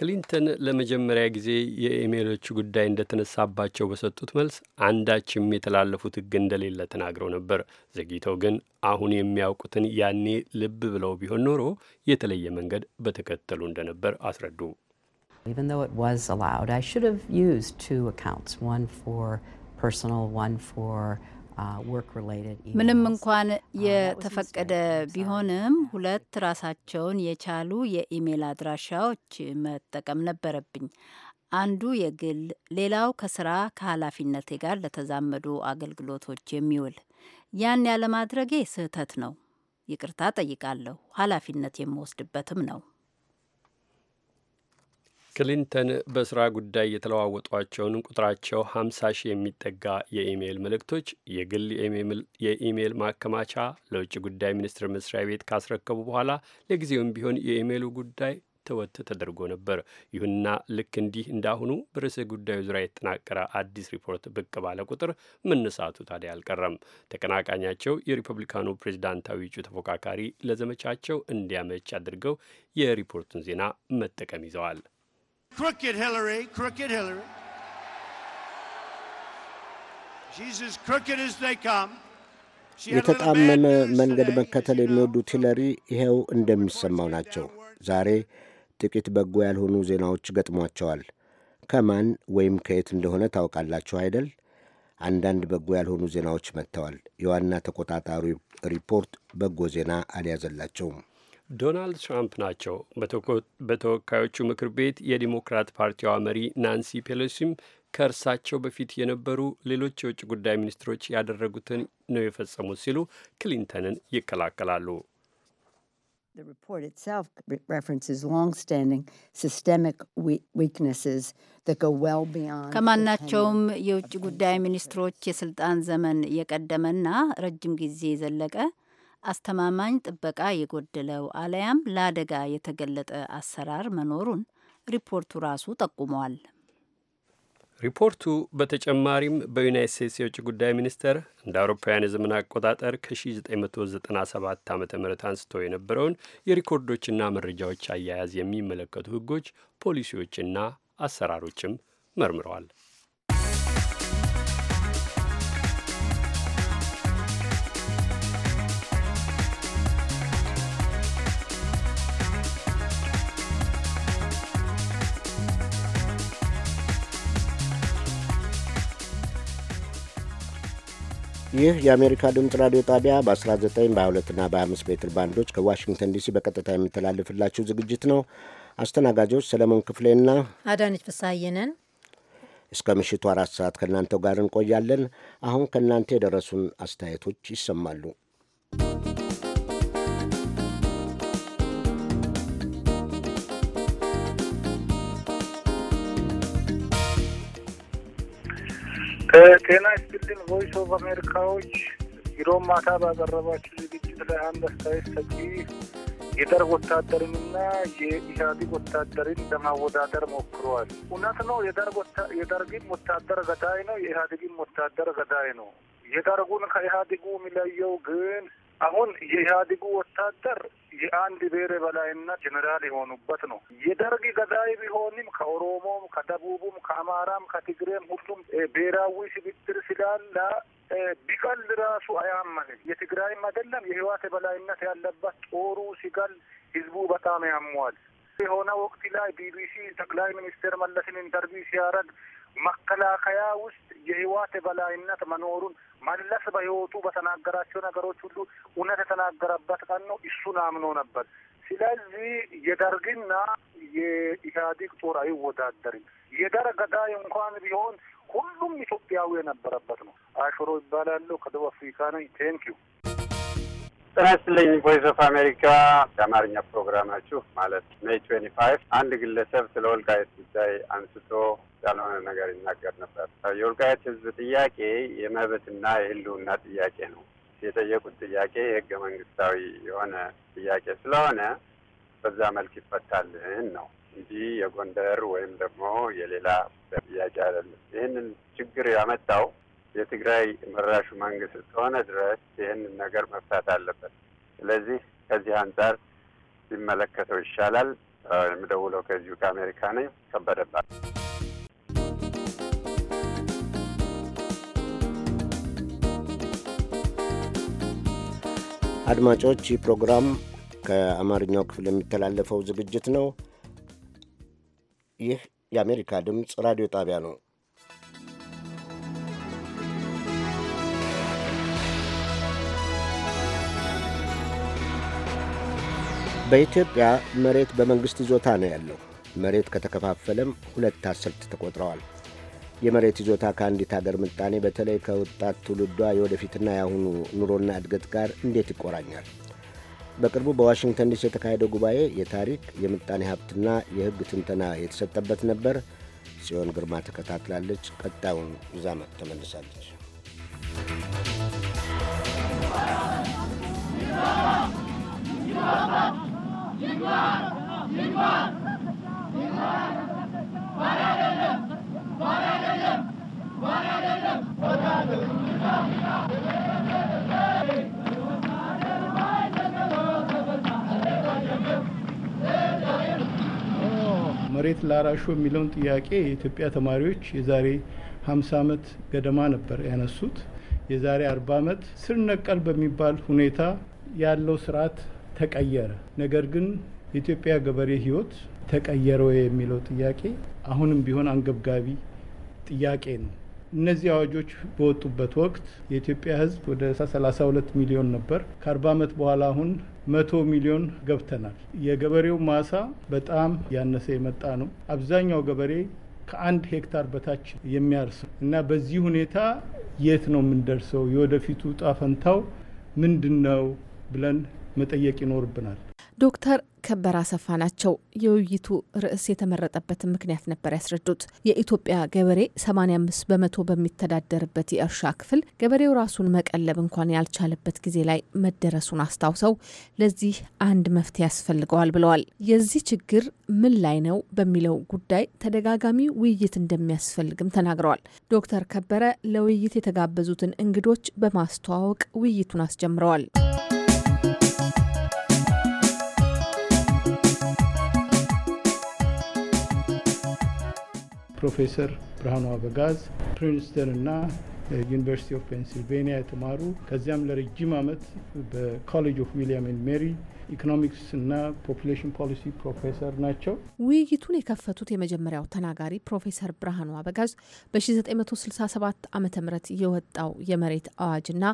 ክሊንተን ለመጀመሪያ ጊዜ የኢሜሎቹ ጉዳይ እንደተነሳባቸው በሰጡት መልስ አንዳችም የተላለፉት ሕግ እንደሌለ ተናግረው ነበር። ዘግይተው ግን አሁን የሚያውቁትን ያኔ ልብ ብለው ቢሆን ኖሮ የተለየ መንገድ በተከተሉ እንደነበር አስረዱ። ን Uh, ምንም እንኳን uh, የተፈቀደ ቢሆንም ሁለት ራሳቸውን የቻሉ የኢሜል አድራሻዎች መጠቀም ነበረብኝ። አንዱ የግል፣ ሌላው ከስራ ከኃላፊነቴ ጋር ለተዛመዱ አገልግሎቶች የሚውል። ያን ያለማድረጌ ስህተት ነው። ይቅርታ ጠይቃለሁ። ኃላፊነት የምወስድበትም ነው። ክሊንተን በስራ ጉዳይ የተለዋወጧቸውን ቁጥራቸው 50 ሺህ የሚጠጋ የኢሜይል መልእክቶች የግል የኢሜይል ማከማቻ ለውጭ ጉዳይ ሚኒስትር መስሪያ ቤት ካስረከቡ በኋላ ለጊዜውም ቢሆን የኢሜይሉ ጉዳይ ተወት ተደርጎ ነበር። ይሁንና ልክ እንዲህ እንዳሁኑ በርዕሰ ጉዳዩ ዙሪያ የተጠናቀረ አዲስ ሪፖርት ብቅ ባለ ቁጥር መነሳቱ ታዲያ አልቀረም። ተቀናቃኛቸው የሪፐብሊካኑ ፕሬዚዳንታዊ እጩ ተፎካካሪ ለዘመቻቸው እንዲያመች አድርገው የሪፖርቱን ዜና መጠቀም ይዘዋል። Crooked Hillary, crooked Hillary. She's as crooked as they come. የተጣመመ መንገድ መከተል የሚወዱት ሂለሪ ይኸው እንደሚሰማው ናቸው። ዛሬ ጥቂት በጎ ያልሆኑ ዜናዎች ገጥሟቸዋል። ከማን ወይም ከየት እንደሆነ ታውቃላችሁ አይደል? አንዳንድ በጎ ያልሆኑ ዜናዎች መጥተዋል። የዋና ተቆጣጣሪ ሪፖርት በጎ ዜና አልያዘላቸውም። ዶናልድ ትራምፕ ናቸው። በተወካዮቹ ምክር ቤት የዲሞክራት ፓርቲዋ መሪ ናንሲ ፔሎሲም ከእርሳቸው በፊት የነበሩ ሌሎች የውጭ ጉዳይ ሚኒስትሮች ያደረጉትን ነው የፈጸሙት ሲሉ ክሊንተንን ይከላከላሉ። The report itself references long-standing systemic weaknesses that go well beyond ከማናቸውም የውጭ ጉዳይ ሚኒስትሮች የስልጣን ዘመን የቀደመና ረጅም ጊዜ የዘለቀ አስተማማኝ ጥበቃ የጎደለው አለያም ለአደጋ የተገለጠ አሰራር መኖሩን ሪፖርቱ ራሱ ጠቁመዋል። ሪፖርቱ በተጨማሪም በዩናይት ስቴትስ የውጭ ጉዳይ ሚኒስቴር እንደ አውሮፓውያን የዘመን አቆጣጠር ከ1997 ዓ ም አንስቶ የነበረውን የሪኮርዶችና መረጃዎች አያያዝ የሚመለከቱ ህጎች ፖሊሲዎችና አሰራሮችም መርምረዋል። ይህ የአሜሪካ ድምፅ ራዲዮ ጣቢያ በ19 በ22ና በ25 ሜትር ባንዶች ከዋሽንግተን ዲሲ በቀጥታ የሚተላልፍላችሁ ዝግጅት ነው። አስተናጋጆች ሰለሞን ክፍሌና አዳነች ፍስሐዬ እስከ ምሽቱ አራት ሰዓት ከእናንተው ጋር እንቆያለን። አሁን ከእናንተ የደረሱን አስተያየቶች ይሰማሉ። ጤና ይስጥልን። ቮይስ ኦፍ አሜሪካዎች ቢሮም ማታ ባቀረባቸው ዝግጅት ላይ አንድ አስተያየት ሰጪ የደርግ ወታደርንና የኢህአዴግ ወታደርን ለማወዳደር ሞክረዋል። እውነት ነው። የደርግም ወታደር ገዳይ ነው፣ የኢህአዴግም ወታደር ገዳይ ነው። የደርጉን ከኢህአዴጉ የሚለየው ግን አሁን የኢህአዴጉ ወታደር የአንድ ብሔር በላይነት ጀኔራል የሆኑበት ነው። የደርግ ገዳይ ቢሆንም ከኦሮሞም፣ ከደቡቡም፣ ከአማራም፣ ከትግሬም ሁሉም ብሔራዊ ስብጥር ስላለ ቢቀል ራሱ አያመንም። የትግራይም አይደለም የህዋት በላይነት ያለበት ጦሩ ሲቀል ህዝቡ በጣም ያሟል። የሆነ ወቅት ላይ ቢቢሲ ጠቅላይ ሚኒስትር መለስን ኢንተርቪው ሲያደርግ መከላከያ ውስጥ የህይወት የበላይነት መኖሩን መለስ በህይወቱ በተናገራቸው ነገሮች ሁሉ እውነት የተናገረበት ቀን ነው። እሱን አምኖ ነበር። ስለዚህ የደርግና የኢህአዴግ ጦር አይወዳደርም። የደርግ ገዳይ እንኳን ቢሆን ሁሉም ኢትዮጵያዊ የነበረበት ነው። አሽሮ ይባላለሁ። ከደቡብ አፍሪካ ነኝ። ቴንኪዩ ጤና ይስጥልኝ ቮይስ ኦፍ አሜሪካ የአማርኛ ፕሮግራማችሁ ማለት ሜይ ትዌንቲ ፋይቭ አንድ ግለሰብ ስለ ወልቃየት ጉዳይ አንስቶ ያልሆነ ነገር ይናገር ነበር። የወልቃየት ህዝብ ጥያቄ የመብትና የህልውና ጥያቄ ነው። የጠየቁት ጥያቄ የህገ መንግስታዊ የሆነ ጥያቄ ስለሆነ በዛ መልክ ይፈታልን ነው እንጂ የጎንደር ወይም ደግሞ የሌላ ጥያቄ አይደለም። ይህንን ችግር ያመጣው የትግራይ መራሹ መንግስት እስከሆነ ድረስ ይህንን ነገር መፍታት አለበት። ስለዚህ ከዚህ አንጻር ሊመለከተው ይሻላል። የምደውለው ከዚሁ ከአሜሪካ ነኝ። ከበደባል አድማጮች፣ ይህ ፕሮግራም ከአማርኛው ክፍል የሚተላለፈው ዝግጅት ነው። ይህ የአሜሪካ ድምፅ ራዲዮ ጣቢያ ነው። በኢትዮጵያ መሬት በመንግሥት ይዞታ ነው ያለው። መሬት ከተከፋፈለም ሁለት አስርት ተቆጥረዋል። የመሬት ይዞታ ከአንዲት አገር ምጣኔ በተለይ ከወጣት ትውልዷ የወደፊትና የአሁኑ ኑሮና እድገት ጋር እንዴት ይቆራኛል? በቅርቡ በዋሽንግተን ዲሲ የተካሄደው ጉባኤ የታሪክ የምጣኔ ሀብትና የሕግ ትንተና የተሰጠበት ነበር። ጽዮን ግርማ ተከታትላለች። ቀጣዩን ይዛ ተመልሳለች። ይባባ መሬት ላራሹ የሚለውን ጥያቄ የኢትዮጵያ ተማሪዎች የዛሬ 50 ዓመት ገደማ ነበር ያነሱት። የዛሬ 40 ዓመት ስር ነቀል በሚባል ሁኔታ ያለው ስርዓት ተቀየረ። ነገር ግን የኢትዮጵያ ገበሬ ህይወት ተቀየረ የሚለው ጥያቄ አሁንም ቢሆን አንገብጋቢ ጥያቄ ነው። እነዚህ አዋጆች በወጡበት ወቅት የኢትዮጵያ ህዝብ ወደ 32 ሚሊዮን ነበር። ከ40 ዓመት በኋላ አሁን መቶ ሚሊዮን ገብተናል። የገበሬው ማሳ በጣም ያነሰ የመጣ ነው። አብዛኛው ገበሬ ከአንድ ሄክታር በታች የሚያርስ እና በዚህ ሁኔታ የት ነው የምንደርሰው? የወደፊቱ ጣፈንታው ምንድን ነው ብለን መጠየቅ ይኖርብናል። ዶክተር ከበረ አሰፋ ናቸው። የውይይቱ ርዕስ የተመረጠበትን ምክንያት ነበር ያስረዱት። የኢትዮጵያ ገበሬ 85 በመቶ በሚተዳደርበት የእርሻ ክፍል ገበሬው ራሱን መቀለብ እንኳን ያልቻለበት ጊዜ ላይ መደረሱን አስታውሰው ለዚህ አንድ መፍትሄ ያስፈልገዋል ብለዋል። የዚህ ችግር ምን ላይ ነው በሚለው ጉዳይ ተደጋጋሚ ውይይት እንደሚያስፈልግም ተናግረዋል። ዶክተር ከበረ ለውይይት የተጋበዙትን እንግዶች በማስተዋወቅ ውይይቱን አስጀምረዋል። ፕሮፌሰር ብርሃኑ አበጋዝ ፕሪንስተን እና ዩኒቨርሲቲ ኦፍ ፔንሲልቬኒያ የተማሩ ከዚያም ለረጅም ዓመት በኮሌጅ ኦፍ ዊሊያም ኤንድ ሜሪ ኢኮኖሚክስ እና ፖፑሌሽን ፖሊሲ ፕሮፌሰር ናቸው። ውይይቱን የከፈቱት የመጀመሪያው ተናጋሪ ፕሮፌሰር ብርሃኑ አበጋዝ በ1967 ዓ ም የወጣው የመሬት አዋጅ እና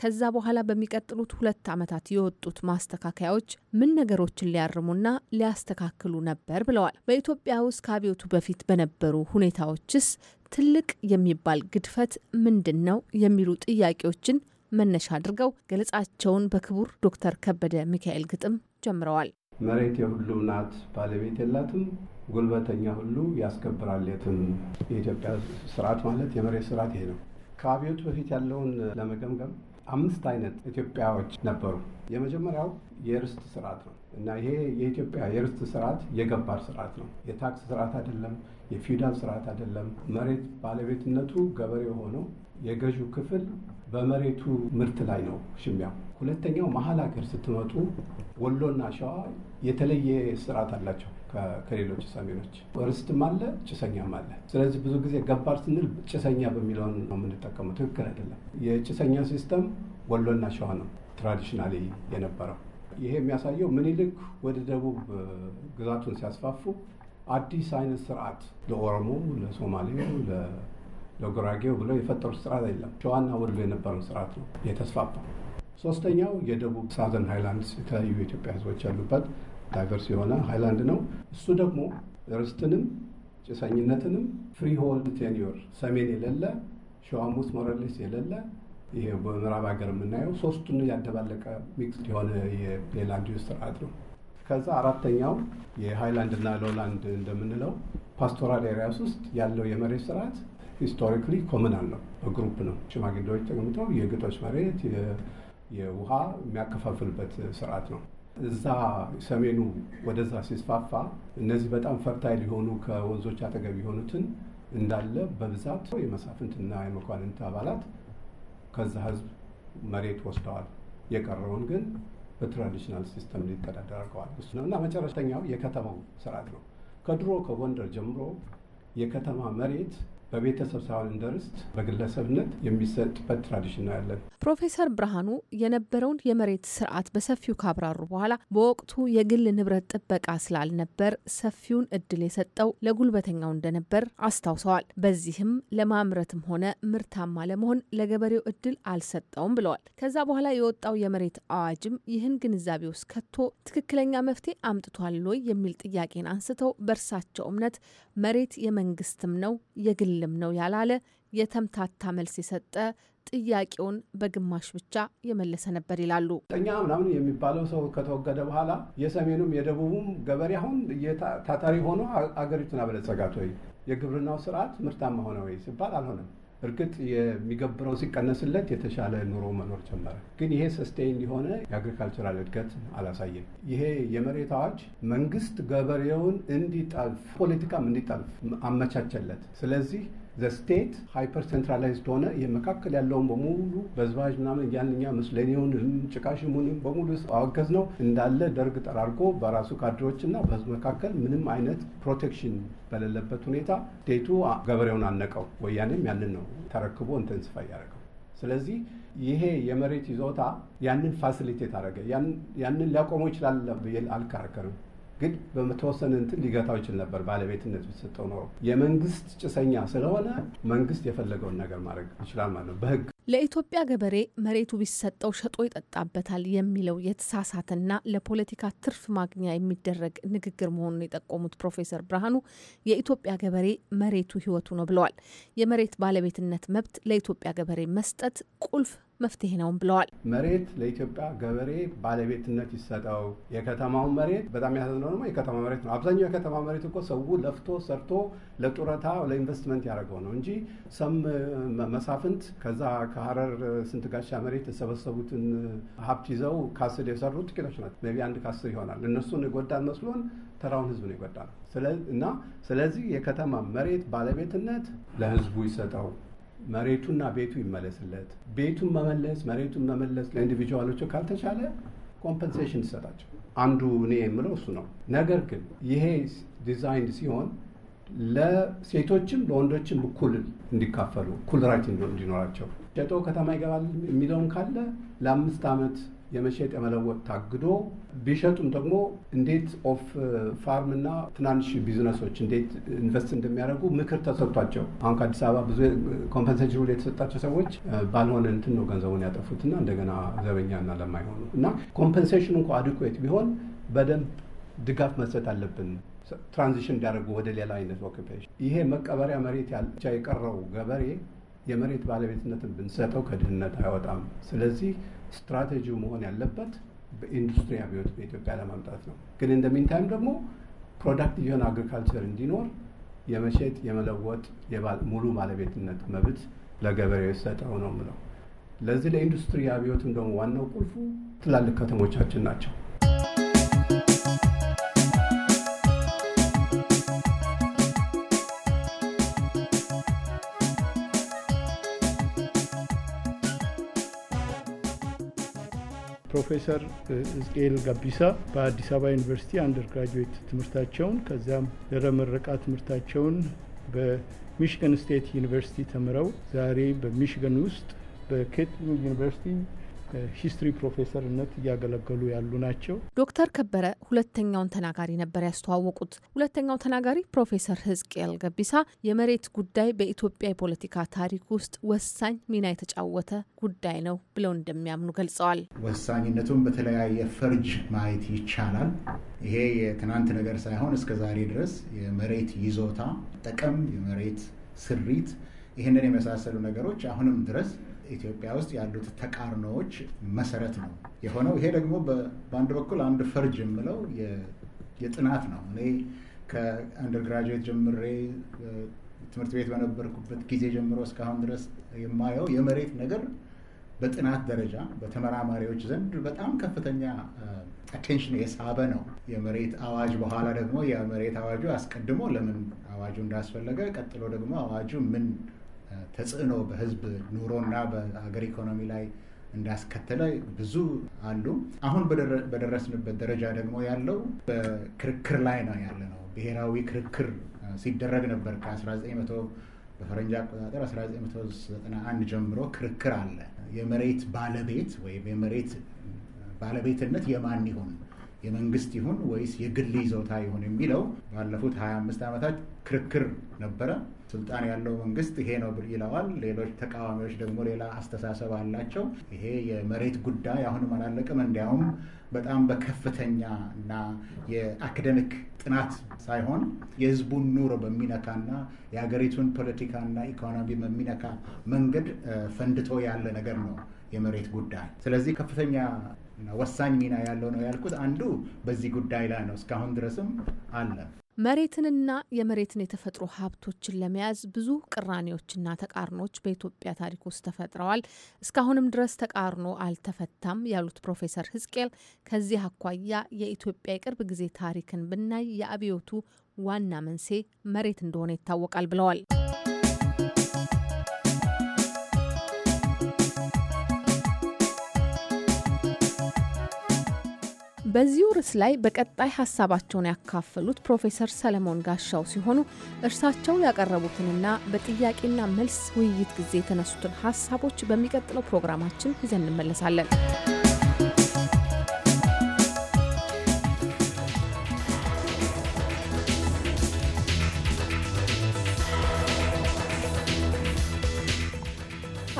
ከዛ በኋላ በሚቀጥሉት ሁለት ዓመታት የወጡት ማስተካከያዎች ምን ነገሮችን ሊያርሙና ሊያስተካክሉ ነበር ብለዋል። በኢትዮጵያ ውስጥ ከአብዮቱ በፊት በነበሩ ሁኔታዎችስ ትልቅ የሚባል ግድፈት ምንድን ነው የሚሉ ጥያቄዎችን መነሻ አድርገው ገለጻቸውን በክቡር ዶክተር ከበደ ሚካኤል ግጥም ጀምረዋል። መሬት የሁሉም ናት፣ ባለቤት የላትም፣ ጉልበተኛ ሁሉ ያስከብራል የትም። የኢትዮጵያ ስርዓት ማለት የመሬት ስርዓት ይሄ ነው። ከአብዮቱ በፊት ያለውን ለመገምገም አምስት አይነት ኢትዮጵያዎች ነበሩ። የመጀመሪያው የርስት ስርዓት ነው እና ይሄ የኢትዮጵያ የርስት ስርዓት የገባር ስርዓት ነው። የታክስ ስርዓት አይደለም። የፊውዳል ስርዓት አይደለም። መሬት ባለቤትነቱ ገበሬው የሆነው የገዢው ክፍል በመሬቱ ምርት ላይ ነው ሽሚያው። ሁለተኛው መሀል ሀገር ስትመጡ ወሎና ሸዋ የተለየ ስርዓት አላቸው ከሌሎች ሰሜኖች። ርስትም አለ፣ ጭሰኛም አለ። ስለዚህ ብዙ ጊዜ ገባር ስንል ጭሰኛ በሚለውን ነው የምንጠቀመው። ትክክል አይደለም። የጭሰኛ ሲስተም ወሎና ሸዋ ነው ትራዲሽናሊ የነበረው። ይሄ የሚያሳየው ምኒልክ ወደ ደቡብ ግዛቱን ሲያስፋፉ አዲስ አይነት ስርዓት ለኦሮሞ፣ ለሶማሌው ለጉራጌው ብለው የፈጠሩት ስርዓት የለም። ሸዋና ወሎ የነበረውን ስርዓት ነው የተስፋፋው። ሶስተኛው የደቡብ ሳዘን ሃይላንድስ የተለያዩ የኢትዮጵያ ህዝቦች ያሉበት ዳይቨርስ የሆነ ሃይላንድ ነው። እሱ ደግሞ ርስትንም ጭሰኝነትንም ፍሪሆልድ ቴኒዮር ሰሜን የሌለ ሸዋሙስ ውስጥ ሞረሌስ የሌለ ይሄ በምዕራብ ሀገር የምናየው ሶስቱን ያደባለቀ ሚክስ የሆነ የላንድ ዩዝ ስርዓት ነው። ከዛ አራተኛው የሃይላንድ እና ሎላንድ እንደምንለው ፓስቶራል ኤሪያስ ውስጥ ያለው የመሬት ስርዓት ሂስቶሪካሊ ኮመናል ነው። በግሩፕ ነው ሽማግሌዎች ተቀምጠው የግጦሽ መሬት የውሃ የሚያከፋፍልበት ስርዓት ነው። እዛ ሰሜኑ ወደዛ ሲስፋፋ እነዚህ በጣም ፈርታይል የሆኑ ከወንዞች አጠገብ የሆኑትን እንዳለ በብዛት የመሳፍንትና የመኳንንት አባላት ከዛ ህዝብ መሬት ወስደዋል። የቀረውን ግን በትራዲሽናል ሲስተም ሊተዳደር አድርገዋል እና መጨረሻኛው የከተማው ስርዓት ነው። ከድሮ ከጎንደር ጀምሮ የከተማ መሬት በቤተሰብ ሳይሆን እንደ ርስት በግለሰብነት የሚሰጥበት ትራዲሽን ያለን። ፕሮፌሰር ብርሃኑ የነበረውን የመሬት ስርዓት በሰፊው ካብራሩ በኋላ በወቅቱ የግል ንብረት ጥበቃ ስላልነበር ሰፊውን እድል የሰጠው ለጉልበተኛው እንደነበር አስታውሰዋል። በዚህም ለማምረትም ሆነ ምርታማ ለመሆን ለገበሬው እድል አልሰጠውም ብለዋል። ከዛ በኋላ የወጣው የመሬት አዋጅም ይህን ግንዛቤ ውስጥ ከቶ ትክክለኛ መፍትሄ አምጥቷል ወይ የሚል ጥያቄን አንስተው በእርሳቸው እምነት መሬት የመንግስትም ነው የግል የለም ነው ያላለ የተምታታ መልስ የሰጠ ጥያቄውን በግማሽ ብቻ የመለሰ ነበር ይላሉ። ጠኛ ምናምን የሚባለው ሰው ከተወገደ በኋላ የሰሜኑም የደቡቡም ገበሬ አሁን ታታሪ ሆኖ አገሪቱን አበለጸጋት ወይ የግብርናው ስርዓት ምርታማ ሆነ ወይ ሲባል አልሆነም። እርግጥ የሚገብረው ሲቀነስለት የተሻለ ኑሮ መኖር ጀመረ። ግን ይሄ ሰስቴይን የሆነ የአግሪካልቸራል እድገት አላሳየም። ይሄ የመሬት አዋጅ መንግስት ገበሬውን እንዲጠልፍ ፖለቲካም እንዲጠልፍ አመቻቸለት። ስለዚህ ዘስቴት ሃይፐር ሴንትራላይዝድ ሆነ የመካከል ያለውን በሙሉ በዝባዥ ምናምን ያንኛ ምስለኔውን ጭቃሽሙን በሙሉ አወገዝ ነው እንዳለ ደርግ ጠራርጎ በራሱ ካድሮች እና በህዝብ መካከል ምንም አይነት ፕሮቴክሽን በሌለበት ሁኔታ ስቴቱ ገበሬውን አነቀው። ወያኔም ያንን ነው ተረክቦ ኢንተንስፋ እያደረገው። ስለዚህ ይሄ የመሬት ይዞታ ያንን ፋሲሊቴት አደረገ። ያንን ሊያቆመው ይችላል ብዬ አልከራከርም። ግን በተወሰነ እንትን ሊገታው ይችል ነበር ባለቤትነት ቢሰጠው ኖሮ። የመንግስት ጭሰኛ ስለሆነ መንግስት የፈለገውን ነገር ማድረግ ይችላል ማለት ነው በህግ። ለኢትዮጵያ ገበሬ መሬቱ ቢሰጠው ሸጦ ይጠጣበታል የሚለው የተሳሳተና ለፖለቲካ ትርፍ ማግኛ የሚደረግ ንግግር መሆኑን የጠቆሙት ፕሮፌሰር ብርሃኑ የኢትዮጵያ ገበሬ መሬቱ ህይወቱ ነው ብለዋል። የመሬት ባለቤትነት መብት ለኢትዮጵያ ገበሬ መስጠት ቁልፍ መፍትሄ ነውም ብለዋል። መሬት ለኢትዮጵያ ገበሬ ባለቤትነት ይሰጠው። የከተማውን መሬት በጣም ያሳዝነው ደግሞ የከተማ መሬት ነው። አብዛኛው የከተማ መሬት እኮ ሰው ለፍቶ ሰርቶ ለጡረታ ለኢንቨስትመንት ያደረገው ነው እንጂ ሰም መሳፍንት ከዛ ከሀረር ስንት ጋሻ መሬት የሰበሰቡትን ሀብት ይዘው ካስል የሰሩት ጥቂቶች ናቸው። ቢ አንድ ካስል ይሆናል። እነሱን የጎዳን መስሎን ተራውን ህዝብ ነው ይጎዳል እና ስለዚህ የከተማ መሬት ባለቤትነት ለህዝቡ ይሰጠው። መሬቱና ቤቱ ይመለስለት። ቤቱን መመለስ፣ መሬቱን መመለስ ለኢንዲቪጁዋሎቹ ካልተቻለ ኮምፐንሴሽን ይሰጣቸው። አንዱ እኔ የምለው እሱ ነው። ነገር ግን ይሄ ዲዛይን ሲሆን ለሴቶችም ለወንዶችም እኩል እንዲካፈሉ እኩል ራይት እንዲኖራቸው ሸጦ ከተማ ይገባል የሚለውን ካለ ለአምስት ዓመት የመሸጥ የመለወጥ ታግዶ ቢሸጡም ደግሞ እንዴት ኦፍ ፋርም እና ትናንሽ ቢዝነሶች እንዴት ኢንቨስት እንደሚያደርጉ ምክር ተሰጥቷቸው አሁን ከአዲስ አበባ ብዙ ኮምፐንሴሽን ሩል የተሰጣቸው ሰዎች ባልሆነ እንትን ነው ገንዘቡን ያጠፉትና እንደገና ዘበኛና ለማይሆኑ እና ኮምፐንሴሽን እንኳ አድኩዌት ቢሆን በደንብ ድጋፍ መስጠት አለብን። ትራንዚሽን እንዲያደርጉ ወደ ሌላ አይነት ኦኪፔሽን። ይሄ መቀበሪያ መሬት ያልቻ የቀረው ገበሬ የመሬት ባለቤትነትን ብንሰጠው ከድህነት አይወጣም። ስለዚህ ስትራቴጂው መሆን ያለበት በኢንዱስትሪ አብዮት በኢትዮጵያ ለማምጣት ነው። ግን እንደሚንታይም ደግሞ ፕሮዳክቲቭ የሆነ አግሪካልቸር እንዲኖር የመሸጥ የመለወጥ ሙሉ ባለቤትነት መብት ለገበሬው የሰጠው ነው ምለው። ለዚህ ለኢንዱስትሪ አብዮትም ደግሞ ዋናው ቁልፉ ትላልቅ ከተሞቻችን ናቸው። ፕሮፌሰር እዝቅኤል ጋቢሳ በአዲስ አበባ ዩኒቨርሲቲ አንደር ግራጁዌት ትምህርታቸውን ከዚያም ድህረ ምረቃ ትምህርታቸውን በሚሽገን ስቴት ዩኒቨርሲቲ ተምረው ዛሬ በሚሽገን ውስጥ በኬትሪንግ ዩኒቨርሲቲ ሂስትሪ ፕሮፌሰርነት እያገለገሉ ያሉ ናቸው። ዶክተር ከበረ ሁለተኛውን ተናጋሪ ነበር ያስተዋወቁት። ሁለተኛው ተናጋሪ ፕሮፌሰር ህዝቅኤል ገቢሳ የመሬት ጉዳይ በኢትዮጵያ የፖለቲካ ታሪክ ውስጥ ወሳኝ ሚና የተጫወተ ጉዳይ ነው ብለው እንደሚያምኑ ገልጸዋል። ወሳኝነቱን በተለያየ ፈርጅ ማየት ይቻላል። ይሄ የትናንት ነገር ሳይሆን እስከ ዛሬ ድረስ የመሬት ይዞታ ጥቅም፣ የመሬት ስሪት፣ ይህንን የመሳሰሉ ነገሮች አሁንም ድረስ ኢትዮጵያ ውስጥ ያሉት ተቃርኖዎች መሰረት ነው የሆነው። ይሄ ደግሞ በአንድ በኩል አንድ ፈርጅ የምለው የጥናት ነው። እኔ ከአንደርግራጅዌት ጀምሬ ትምህርት ቤት በነበርኩበት ጊዜ ጀምሮ እስካሁን ድረስ የማየው የመሬት ነገር በጥናት ደረጃ በተመራማሪዎች ዘንድ በጣም ከፍተኛ አቴንሽን የሳበ ነው። የመሬት አዋጅ በኋላ ደግሞ የመሬት አዋጁ አስቀድሞ ለምን አዋጁ እንዳስፈለገ፣ ቀጥሎ ደግሞ አዋጁ ምን ተጽዕኖ በህዝብ ኑሮና በሀገር ኢኮኖሚ ላይ እንዳስከተለ ብዙ አሉ። አሁን በደረስንበት ደረጃ ደግሞ ያለው በክርክር ላይ ነው ያለ ነው። ብሔራዊ ክርክር ሲደረግ ነበር ከ1900 በፈረንጅ አቆጣጠር 1991 ጀምሮ ክርክር አለ። የመሬት ባለቤት ወይም የመሬት ባለቤትነት የማን ይሆን የመንግስት ይሁን ወይስ የግል ይዞታ ይሁን የሚለው ባለፉት 25 ዓመታት ክርክር ነበረ። ስልጣን ያለው መንግስት ይሄ ነው ይለዋል። ሌሎች ተቃዋሚዎች ደግሞ ሌላ አስተሳሰብ አላቸው። ይሄ የመሬት ጉዳይ አሁንም አላለቅም። እንዲያውም በጣም በከፍተኛ እና የአካደሚክ ጥናት ሳይሆን የህዝቡን ኑሮ በሚነካና የሀገሪቱን ፖለቲካና ኢኮኖሚ በሚነካ መንገድ ፈንድቶ ያለ ነገር ነው የመሬት ጉዳይ። ስለዚህ ከፍተኛ ወሳኝ ሚና ያለው ነው ያልኩት አንዱ በዚህ ጉዳይ ላይ ነው። እስካሁን ድረስም አለ። መሬትንና የመሬትን የተፈጥሮ ሀብቶችን ለመያዝ ብዙ ቅራኔዎችና ተቃርኖች በኢትዮጵያ ታሪክ ውስጥ ተፈጥረዋል። እስካሁንም ድረስ ተቃርኖ አልተፈታም ያሉት ፕሮፌሰር ህዝቅኤል ከዚህ አኳያ የኢትዮጵያ የቅርብ ጊዜ ታሪክን ብናይ የአብዮቱ ዋና መንስኤ መሬት እንደሆነ ይታወቃል ብለዋል። በዚሁ ርዕስ ላይ በቀጣይ ሀሳባቸውን ያካፈሉት ፕሮፌሰር ሰለሞን ጋሻው ሲሆኑ እርሳቸው ያቀረቡትንና በጥያቄና መልስ ውይይት ጊዜ የተነሱትን ሀሳቦች በሚቀጥለው ፕሮግራማችን ይዘን እንመለሳለን።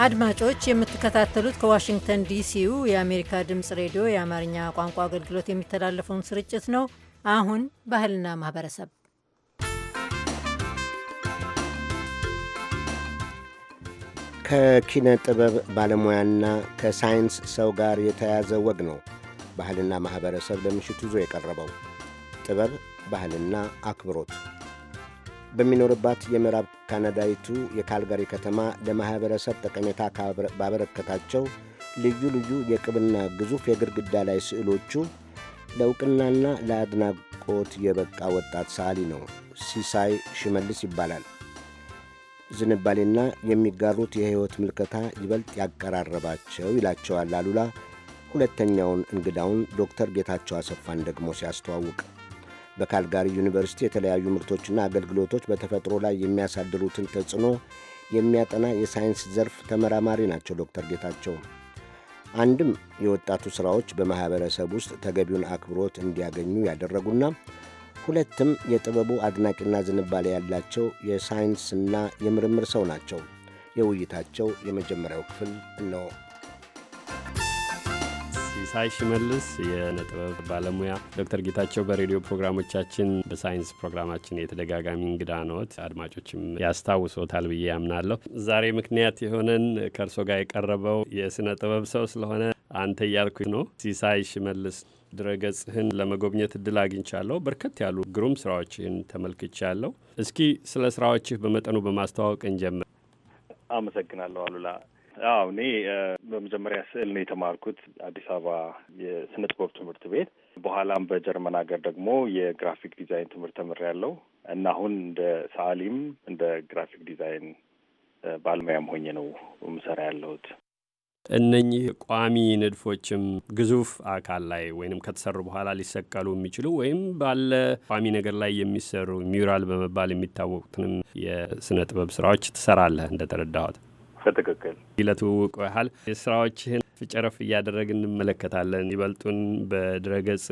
አድማጮች የምትከታተሉት ከዋሽንግተን ዲሲው የአሜሪካ ድምፅ ሬዲዮ የአማርኛ ቋንቋ አገልግሎት የሚተላለፈውን ስርጭት ነው። አሁን ባህልና ማህበረሰብ ከኪነ ጥበብ ባለሙያና ከሳይንስ ሰው ጋር የተያዘ ወግ ነው። ባህልና ማህበረሰብ ለምሽቱ ይዞ የቀረበው ጥበብ፣ ባህልና አክብሮት በሚኖርባት የምዕራብ ካናዳዊቱ የካልጋሪ ከተማ ለማኅበረሰብ ጠቀሜታ ባበረከታቸው ልዩ ልዩ የቅብና ግዙፍ የግድግዳ ላይ ስዕሎቹ ለእውቅናና ለአድናቆት የበቃ ወጣት ሰዓሊ ነው። ሲሳይ ሽመልስ ይባላል። ዝንባሌና የሚጋሩት የሕይወት ምልከታ ይበልጥ ያቀራረባቸው ይላቸዋል አሉላ ሁለተኛውን እንግዳውን ዶክተር ጌታቸው አሰፋን ደግሞ ሲያስተዋውቅ በካልጋሪ ዩኒቨርሲቲ የተለያዩ ምርቶችና አገልግሎቶች በተፈጥሮ ላይ የሚያሳድሩትን ተጽዕኖ የሚያጠና የሳይንስ ዘርፍ ተመራማሪ ናቸው ዶክተር ጌታቸው። አንድም የወጣቱ ሥራዎች በማኅበረሰብ ውስጥ ተገቢውን አክብሮት እንዲያገኙ ያደረጉና ሁለትም የጥበቡ አድናቂና ዝንባሌ ያላቸው የሳይንስና የምርምር ሰው ናቸው። የውይይታቸው የመጀመሪያው ክፍል ነው። ሲሳይ ሽመልስ የነጥበብ ባለሙያ፣ ዶክተር ጌታቸው በሬዲዮ ፕሮግራሞቻችን በሳይንስ ፕሮግራማችን የተደጋጋሚ እንግዳ ነዎት። አድማጮችም ያስታውሶታል ብዬ ያምናለሁ። ዛሬ ምክንያት የሆነን ከእርሶ ጋር የቀረበው የስነ ጥበብ ሰው ስለሆነ አንተ እያልኩ ነው። ሲሳይ ሽመልስ ድረገጽህን ለመጎብኘት እድል አግኝቻለሁ። በርከት ያሉ ግሩም ስራዎችህን ተመልክቻለሁ። እስኪ ስለ ስራዎችህ በመጠኑ በማስተዋወቅ እንጀምር። አመሰግናለሁ አሉላ። አዎ እኔ በመጀመሪያ ስዕል ነው የተማርኩት አዲስ አበባ የስነ ጥበብ ትምህርት ቤት። በኋላም በጀርመን ሀገር ደግሞ የግራፊክ ዲዛይን ትምህርት ተምሬያለሁ እና አሁን እንደ ሰዓሊም እንደ ግራፊክ ዲዛይን ባለሙያም ሆኜ ነው ምሰራ ያለሁት። እነኚህ ቋሚ ንድፎችም ግዙፍ አካል ላይ ወይም ከተሰሩ በኋላ ሊሰቀሉ የሚችሉ ወይም ባለ ቋሚ ነገር ላይ የሚሰሩ ሚውራል በመባል የሚታወቁትንም የስነ ጥበብ ስራዎች ትሰራለህ እንደተረዳሁት። በትክክል ለትውውቁ ያህል የስራዎችህን ጨረፍ እያደረግ እንመለከታለን። ይበልጡን በድረገጽ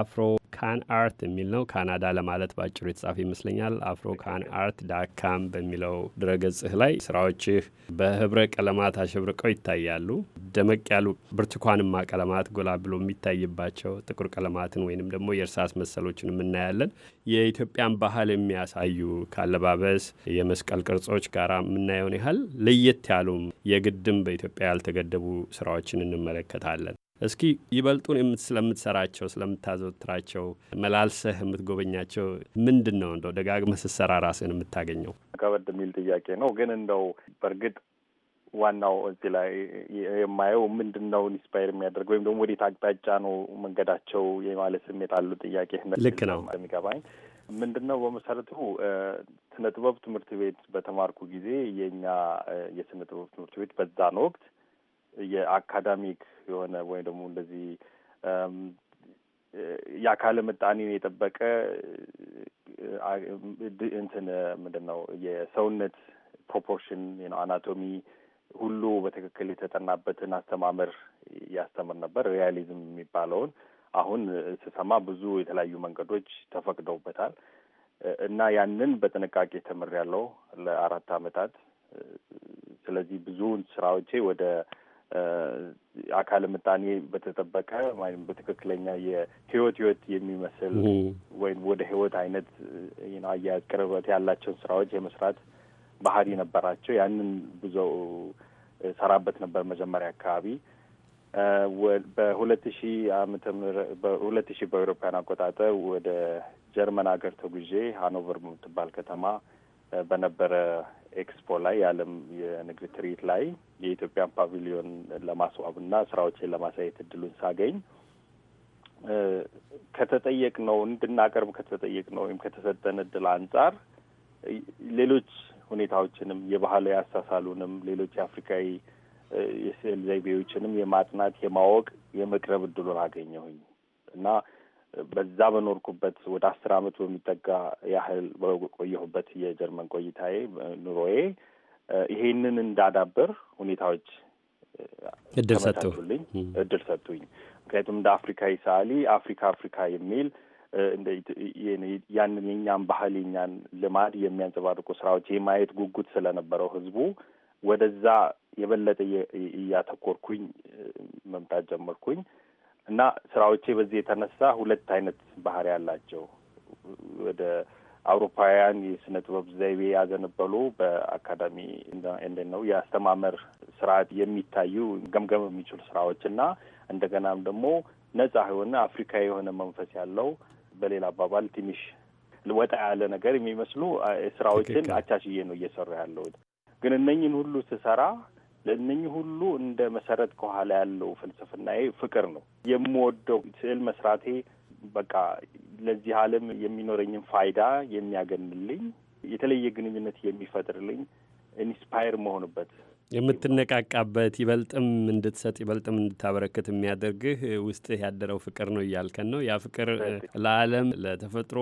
አፍሮ ካን አርት የሚል ነው። ካናዳ ለማለት በአጭሩ የተጻፈ ይመስለኛል። አፍሮ ካን አርት ዳካም በሚለው ድረገጽህ ላይ ስራዎችህ በህብረ ቀለማት አሸብርቀው ይታያሉ። ደመቅ ያሉ ብርቱካንማ ቀለማት ጎላ ብሎ የሚታይባቸው ጥቁር ቀለማትን ወይንም ደግሞ የእርሳስ መሰሎችን እናያለን። የኢትዮጵያን ባህል የሚያሳዩ ካለባበስ የመስቀል ቅርጾች ጋር የምናየውን ያህል ለየት ያሉም የግድም በኢትዮጵያ ያልተገደቡ ስራዎችን እንመለከታለን። እስኪ ይበልጡን ስለምትሰራቸው ስለምታዘወትራቸው መላልሰህ የምትጎበኛቸው ምንድን ነው እንደው ደጋግመህ ስትሰራ ራስህን የምታገኘው? ከበድ የሚል ጥያቄ ነው ግን እንደው በእርግጥ ዋናው እዚህ ላይ የማየው ምንድን ነው ኢንስፓየር የሚያደርግ ወይም ደግሞ ወዴት አቅጣጫ ነው መንገዳቸው የማለት ስሜት አሉ ጥያቄ ልክ ነው የሚገባኝ ምንድን ነው በመሰረቱ ስነ ጥበብ ትምህርት ቤት በተማርኩ ጊዜ የእኛ የስነ ጥበብ ትምህርት ቤት በዛን ወቅት የአካዳሚክ የሆነ ወይም ደግሞ እንደዚህ የአካል ምጣኔን የጠበቀ እንትን ምንድን ነው የሰውነት ፕሮፖርሽን አናቶሚ ሁሉ በትክክል የተጠናበትን አስተማመር ያስተምር ነበር። ሪያሊዝም የሚባለውን አሁን ስሰማ ብዙ የተለያዩ መንገዶች ተፈቅደውበታል እና ያንን በጥንቃቄ ተምሬያለሁ ለአራት ዓመታት። ስለዚህ ብዙውን ስራዎቼ ወደ አካል ምጣኔ በተጠበቀ ወይም በትክክለኛ የህይወት ህይወት የሚመስል ወይም ወደ ህይወት አይነት አያያዝ ቅርበት ያላቸውን ስራዎች የመስራት ባህሪ ነበራቸው። ያንን ብዙ ሰራበት ነበር መጀመሪያ አካባቢ። በሁለት ሺ አመተ ምህረት በሁለት ሺ በአውሮፓውያን አቆጣጠር ወደ ጀርመን ሀገር ተጉዤ ሀኖቨር በምትባል ከተማ በነበረ ኤክስፖ ላይ የዓለም የንግድ ትርኢት ላይ የኢትዮጵያን ፓቪሊዮን ለማስዋብና ስራዎችን ለማሳየት እድሉን ሳገኝ ከተጠየቅ ነው እንድናቀርብ ከተጠየቅ ነው ወይም ከተሰጠን እድል አንጻር ሌሎች ሁኔታዎችንም የባህላዊ አሳሳሉንም ሌሎች የአፍሪካዊ የስዕል ዘይቤዎችንም የማጥናት የማወቅ የመቅረብ እድሉን አገኘሁኝ እና በዛ በኖርኩበት ወደ አስር አመት በሚጠጋ ያህል በቆየሁበት የጀርመን ቆይታዬ ኑሮዬ ይሄንን እንዳዳብር ሁኔታዎች እድል ሰጡልኝ እድል ሰጡኝ። ምክንያቱም እንደ አፍሪካዊ ሰዓሊ አፍሪካ አፍሪካ የሚል ያንን የኛን ባህል የኛን ልማድ የሚያንጸባርቁ ስራዎች የማየት ጉጉት ስለነበረው ህዝቡ ወደዛ የበለጠ እያተኮርኩኝ መምጣት ጀመርኩኝ። እና ስራዎቼ በዚህ የተነሳ ሁለት አይነት ባህሪ ያላቸው ወደ አውሮፓውያን የስነ ጥበብ ዘይቤ ያዘነበሉ በአካዳሚ እንደ ነው የአስተማመር ስርዓት የሚታዩ ገምገም የሚችሉ ስራዎች እና እንደገናም ደግሞ ነጻ የሆነ አፍሪካዊ የሆነ መንፈስ ያለው በሌላ አባባል ትንሽ ወጣ ያለ ነገር የሚመስሉ ስራዎችን አቻችዬ ነው እየሰራ ያለው። ግን እነኝን ሁሉ ስሰራ ለእነኚህ ሁሉ እንደ መሰረት ከኋላ ያለው ፍልስፍናዬ ፍቅር ነው። የምወደው ስዕል መስራቴ በቃ ለዚህ ዓለም የሚኖረኝን ፋይዳ የሚያገንልኝ የተለየ ግንኙነት የሚፈጥርልኝ ኢንስፓየር መሆንበት የምትነቃቃበት ይበልጥም እንድትሰጥ ይበልጥም እንድታበረክት የሚያደርግህ ውስጥህ ያደረው ፍቅር ነው እያልከን ነው። ያ ፍቅር ለዓለም ለተፈጥሮ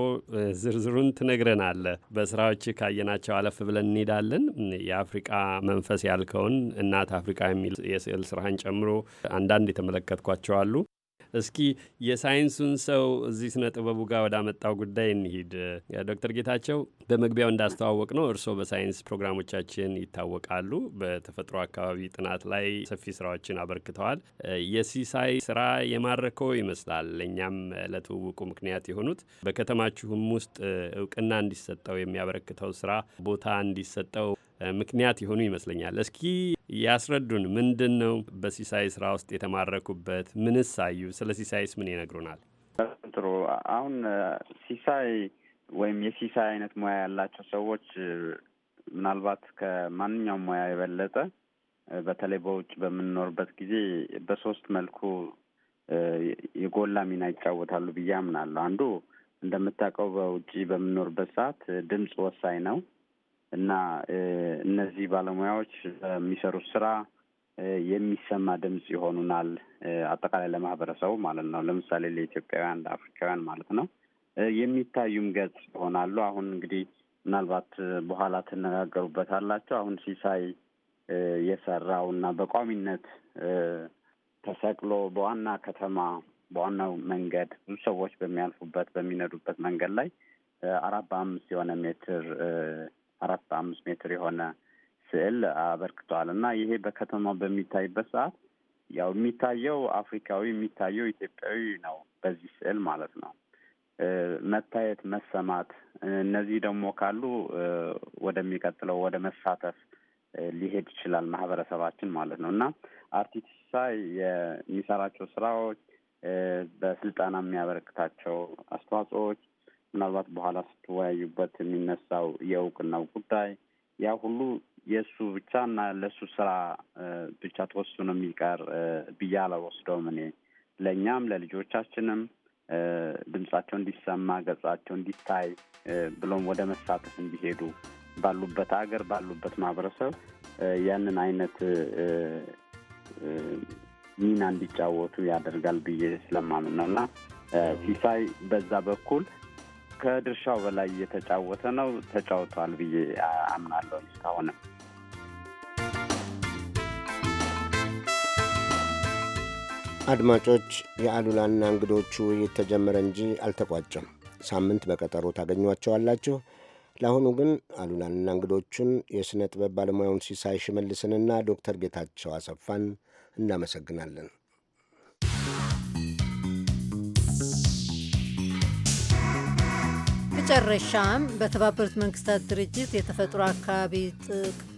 ዝርዝሩን ትነግረናለህ። በስራዎች ካየናቸው አለፍ ብለን እንሄዳለን። የአፍሪቃ መንፈስ ያልከውን እናት አፍሪቃ የሚል የስዕል ስራህን ጨምሮ አንዳንድ የተመለከትኳቸው አሉ። እስኪ የሳይንሱን ሰው እዚህ ስነ ጥበቡ ጋር ወዳመጣው ጉዳይ እንሂድ። ዶክተር ጌታቸው በመግቢያው እንዳስተዋወቅ ነው እርስዎ በሳይንስ ፕሮግራሞቻችን ይታወቃሉ። በተፈጥሮ አካባቢ ጥናት ላይ ሰፊ ስራዎችን አበርክተዋል። የሲሳይ ስራ የማረከው ይመስላል። ለእኛም ለትውውቁ ምክንያት የሆኑት በከተማችሁም ውስጥ እውቅና እንዲሰጠው የሚያበረክተው ስራ ቦታ እንዲሰጠው ምክንያት የሆኑ ይመስለኛል። እስኪ ያስረዱን። ምንድን ነው በሲሳይ ስራ ውስጥ የተማረኩበት? ምንስ ሳዩ ስለ ሲሳይስ ምን ይነግሩናል? ጥሩ። አሁን ሲሳይ ወይም የሲሳይ አይነት ሙያ ያላቸው ሰዎች ምናልባት ከማንኛውም ሙያ የበለጠ በተለይ በውጭ በምንኖርበት ጊዜ በሶስት መልኩ የጎላ ሚና ይጫወታሉ ብዬ አምናለሁ። አንዱ እንደምታውቀው በውጭ በምንኖርበት ሰዓት ድምፅ ወሳኝ ነው። እና እነዚህ ባለሙያዎች በሚሰሩት ስራ የሚሰማ ድምፅ ይሆኑናል። አጠቃላይ ለማህበረሰቡ ማለት ነው። ለምሳሌ ለኢትዮጵያውያን፣ ለአፍሪካውያን ማለት ነው። የሚታዩም ገጽ ይሆናሉ። አሁን እንግዲህ ምናልባት በኋላ ትነጋገሩበት አላቸው። አሁን ሲሳይ የሰራው እና በቋሚነት ተሰቅሎ በዋና ከተማ በዋናው መንገድ ብዙ ሰዎች በሚያልፉበት በሚነዱበት መንገድ ላይ አራት በአምስት የሆነ ሜትር አራት አምስት ሜትር የሆነ ስዕል አበርክቷል እና ይሄ በከተማው በሚታይበት ሰዓት ያው የሚታየው አፍሪካዊ የሚታየው ኢትዮጵያዊ ነው በዚህ ስዕል ማለት ነው። መታየት፣ መሰማት እነዚህ ደግሞ ካሉ ወደሚቀጥለው ወደ መሳተፍ ሊሄድ ይችላል ማህበረሰባችን ማለት ነው እና አርቲስት የሚሰራቸው ስራዎች በስልጠና የሚያበረክታቸው አስተዋጽኦዎች ምናልባት በኋላ ስትወያዩበት የሚነሳው የእውቅናው ጉዳይ ያ ሁሉ የእሱ ብቻ እና ለእሱ ስራ ብቻ ተወስኖ የሚቀር ብዬ አልወስደውም። እኔ ለእኛም ለልጆቻችንም ድምጻቸው እንዲሰማ፣ ገጻቸው እንዲታይ ብሎም ወደ መሳተፍ እንዲሄዱ ባሉበት ሀገር ባሉበት ማህበረሰብ ያንን አይነት ሚና እንዲጫወቱ ያደርጋል ብዬ ስለማምን ነው እና ሲሳይ በዛ በኩል ከድርሻው በላይ እየተጫወተ ነው፣ ተጫውቷል ብዬ አምናለሁ እስካሁንም አድማጮች የአሉላና እንግዶቹ ውይይት ተጀመረ እንጂ አልተቋጨም። ሳምንት በቀጠሮ ታገኟቸዋላችሁ። ለአሁኑ ግን አሉላንና እንግዶቹን የሥነ ጥበብ ባለሙያውን ሲሳይ ሽመልስንና ዶክተር ጌታቸው አሰፋን እናመሰግናለን። በመጨረሻም በተባበሩት መንግስታት ድርጅት የተፈጥሮ አካባቢ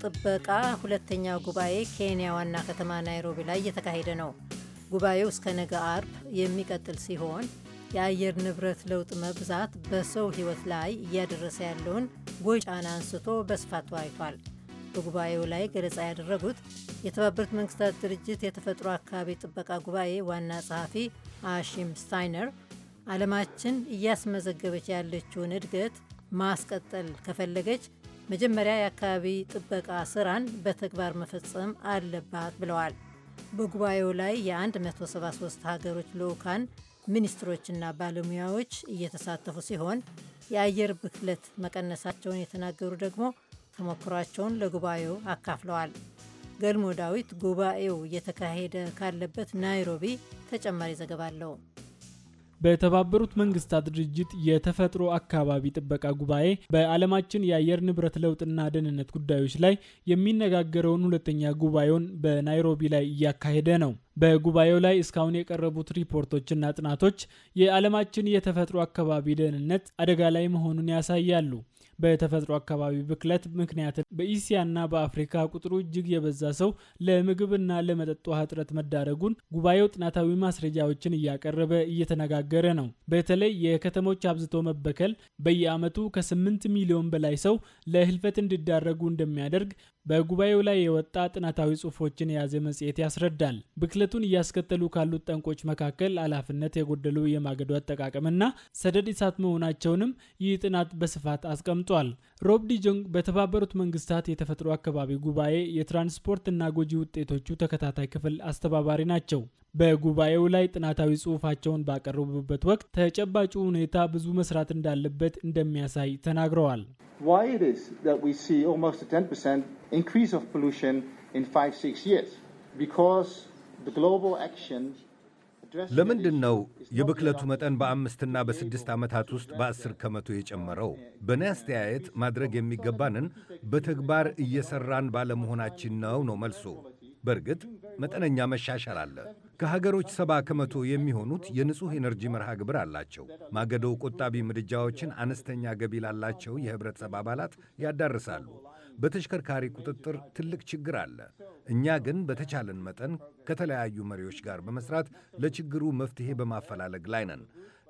ጥበቃ ሁለተኛ ጉባኤ ኬንያ ዋና ከተማ ናይሮቢ ላይ እየተካሄደ ነው። ጉባኤው እስከ ነገ አርብ የሚቀጥል ሲሆን የአየር ንብረት ለውጥ መብዛት በሰው ሕይወት ላይ እያደረሰ ያለውን ጎጂ ጫና አንስቶ በስፋት ተወያይቷል። በጉባኤው ላይ ገለጻ ያደረጉት የተባበሩት መንግስታት ድርጅት የተፈጥሮ አካባቢ ጥበቃ ጉባኤ ዋና ጸሐፊ አሺም ስታይነር ዓለማችን እያስመዘገበች ያለችውን እድገት ማስቀጠል ከፈለገች መጀመሪያ የአካባቢ ጥበቃ ስራን በተግባር መፈጸም አለባት ብለዋል። በጉባኤው ላይ የ173 ሀገሮች ልዑካን ሚኒስትሮችና ባለሙያዎች እየተሳተፉ ሲሆን የአየር ብክለት መቀነሳቸውን የተናገሩ ደግሞ ተሞክሯቸውን ለጉባኤው አካፍለዋል። ገልሞ ዳዊት ጉባኤው እየተካሄደ ካለበት ናይሮቢ ተጨማሪ ዘገባ አለው። በተባበሩት መንግስታት ድርጅት የተፈጥሮ አካባቢ ጥበቃ ጉባኤ በዓለማችን የአየር ንብረት ለውጥና ደህንነት ጉዳዮች ላይ የሚነጋገረውን ሁለተኛ ጉባኤውን በናይሮቢ ላይ እያካሄደ ነው። በጉባኤው ላይ እስካሁን የቀረቡት ሪፖርቶችና ጥናቶች የዓለማችን የተፈጥሮ አካባቢ ደህንነት አደጋ ላይ መሆኑን ያሳያሉ። በተፈጥሮ አካባቢ ብክለት ምክንያት በኢሲያና በአፍሪካ ቁጥሩ እጅግ የበዛ ሰው ለምግብና ለመጠጥ ውሃ እጥረት መዳረጉን ጉባኤው ጥናታዊ ማስረጃዎችን እያቀረበ እየተነጋገረ ነው። በተለይ የከተሞች አብዝቶ መበከል በየዓመቱ ከስምንት ሚሊዮን በላይ ሰው ለህልፈት እንዲዳረጉ እንደሚያደርግ በጉባኤው ላይ የወጣ ጥናታዊ ጽሁፎችን የያዘ መጽሔት ያስረዳል። ብክለቱን እያስከተሉ ካሉት ጠንቆች መካከል ኃላፊነት የጎደሉ የማገዶ አጠቃቀምና ሰደድ እሳት መሆናቸውንም ይህ ጥናት በስፋት አስቀምጧል። ተቀምጧል። ሮብ ዲጆንግ በተባበሩት መንግስታት የተፈጥሮ አካባቢ ጉባኤ የትራንስፖርትና ጎጂ ውጤቶቹ ተከታታይ ክፍል አስተባባሪ ናቸው። በጉባኤው ላይ ጥናታዊ ጽሑፋቸውን ባቀረቡበት ወቅት ተጨባጩ ሁኔታ ብዙ መስራት እንዳለበት እንደሚያሳይ ተናግረዋል። ለምንድን ነው የብክለቱ መጠን በአምስትና በስድስት ዓመታት ውስጥ በአስር ከመቶ የጨመረው? በእኔ አስተያየት ማድረግ የሚገባንን በተግባር እየሠራን ባለመሆናችን ነው ነው መልሶ። በእርግጥ መጠነኛ መሻሻል አለ። ከሀገሮች ሰባ ከመቶ የሚሆኑት የንጹሕ ኤነርጂ መርሃ ግብር አላቸው። ማገዶ ቆጣቢ ምድጃዎችን አነስተኛ ገቢ ላላቸው የኅብረተሰብ አባላት ያዳርሳሉ። በተሽከርካሪ ቁጥጥር ትልቅ ችግር አለ። እኛ ግን በተቻለን መጠን ከተለያዩ መሪዎች ጋር በመስራት ለችግሩ መፍትሄ በማፈላለግ ላይ ነን።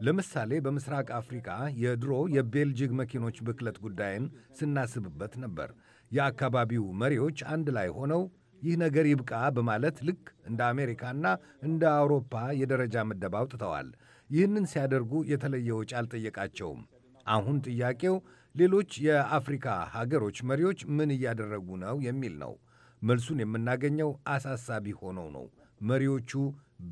ለምሳሌ በምስራቅ አፍሪካ የድሮ የቤልጅግ መኪኖች ብክለት ጉዳይን ስናስብበት ነበር። የአካባቢው መሪዎች አንድ ላይ ሆነው ይህ ነገር ይብቃ በማለት ልክ እንደ አሜሪካና እንደ አውሮፓ የደረጃ ምደባ አውጥተዋል። ይህንን ሲያደርጉ የተለየ ወጪ አልጠየቃቸውም። አሁን ጥያቄው ሌሎች የአፍሪካ ሀገሮች መሪዎች ምን እያደረጉ ነው የሚል ነው። መልሱን የምናገኘው አሳሳቢ ሆነው ነው። መሪዎቹ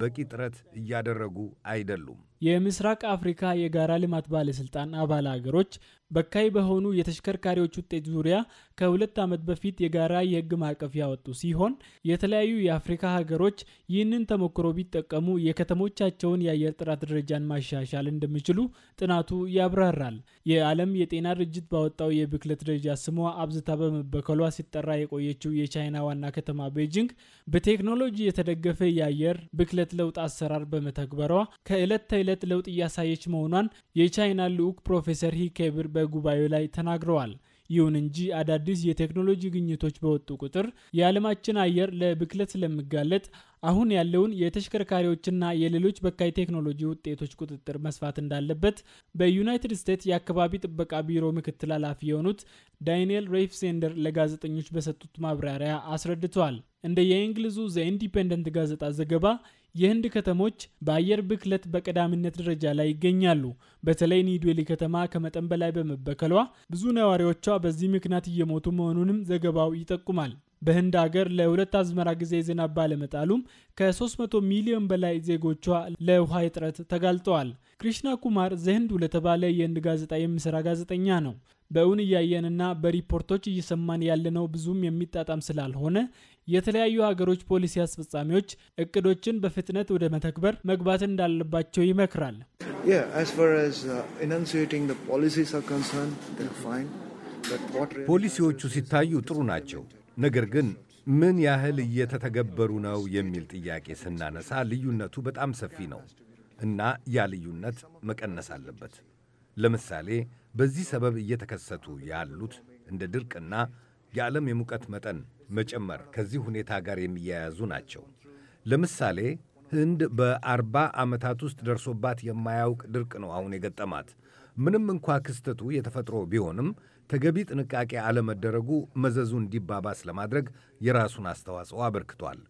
በቂ ጥረት እያደረጉ አይደሉም። የምስራቅ አፍሪካ የጋራ ልማት ባለስልጣን አባል አገሮች በካይ በሆኑ የተሽከርካሪዎች ውጤት ዙሪያ ከሁለት ዓመት በፊት የጋራ የህግ ማዕቀፍ ያወጡ ሲሆን የተለያዩ የአፍሪካ ሀገሮች ይህንን ተሞክሮ ቢጠቀሙ የከተሞቻቸውን የአየር ጥራት ደረጃን ማሻሻል እንደሚችሉ ጥናቱ ያብራራል። የዓለም የጤና ድርጅት ባወጣው የብክለት ደረጃ ስሟ አብዝታ በመበከሏ ሲጠራ የቆየችው የቻይና ዋና ከተማ ቤጂንግ በቴክኖሎጂ የተደገፈ የአየር ብክለት ለውጥ አሰራር በመተግበሯ ከዕለት ተዕለት ለውጥ እያሳየች መሆኗን የቻይና ልዑክ ፕሮፌሰር ሂኬብር በጉባኤው ላይ ተናግረዋል። ይሁን እንጂ አዳዲስ የቴክኖሎጂ ግኝቶች በወጡ ቁጥር የዓለማችን አየር ለብክለት ስለሚጋለጥ አሁን ያለውን የተሽከርካሪዎችና የሌሎች በካይ ቴክኖሎጂ ውጤቶች ቁጥጥር መስፋት እንዳለበት በዩናይትድ ስቴትስ የአካባቢ ጥበቃ ቢሮ ምክትል ኃላፊ የሆኑት ዳንኤል ሬፍሴንደር ለጋዜጠኞች በሰጡት ማብራሪያ አስረድተዋል። እንደ የእንግሊዙ ዘ ኢንዲፔንደንት ጋዜጣ ዘገባ የህንድ ከተሞች በአየር ብክለት በቀዳሚነት ደረጃ ላይ ይገኛሉ። በተለይ ኒውዴሊ ከተማ ከመጠን በላይ በመበከሏ ብዙ ነዋሪዎቿ በዚህ ምክንያት እየሞቱ መሆኑንም ዘገባው ይጠቁማል። በህንድ አገር ለሁለት አዝመራ ጊዜ ዝናብ ባለመጣሉም ከ300 ሚሊዮን በላይ ዜጎቿ ለውሃ እጥረት ተጋልጠዋል። ክሪሽና ኩማር ዘህንድ ለተባለ የህንድ ጋዜጣ የሚሰራ ጋዜጠኛ ነው። በእውን እያየንና በሪፖርቶች እየሰማን ያለነው ብዙም የሚጣጣም ስላልሆነ የተለያዩ ሀገሮች ፖሊሲ አስፈጻሚዎች እቅዶችን በፍጥነት ወደ መተግበር መግባት እንዳለባቸው ይመክራል። uh, ፖሊሲዎቹ ሲታዩ ጥሩ ናቸው። ነገር ግን ምን ያህል እየተተገበሩ ነው የሚል ጥያቄ ስናነሳ ልዩነቱ በጣም ሰፊ ነው እና ያ ልዩነት መቀነስ አለበት። ለምሳሌ በዚህ ሰበብ እየተከሰቱ ያሉት እንደ ድርቅና የዓለም የሙቀት መጠን መጨመር ከዚህ ሁኔታ ጋር የሚያያዙ ናቸው። ለምሳሌ ህንድ በአርባ ዓመታት ውስጥ ደርሶባት የማያውቅ ድርቅ ነው አሁን የገጠማት። ምንም እንኳ ክስተቱ የተፈጥሮ ቢሆንም ተገቢ ጥንቃቄ አለመደረጉ መዘዙ እንዲባባስ ለማድረግ የራሱን አስተዋጽኦ አበርክቷል።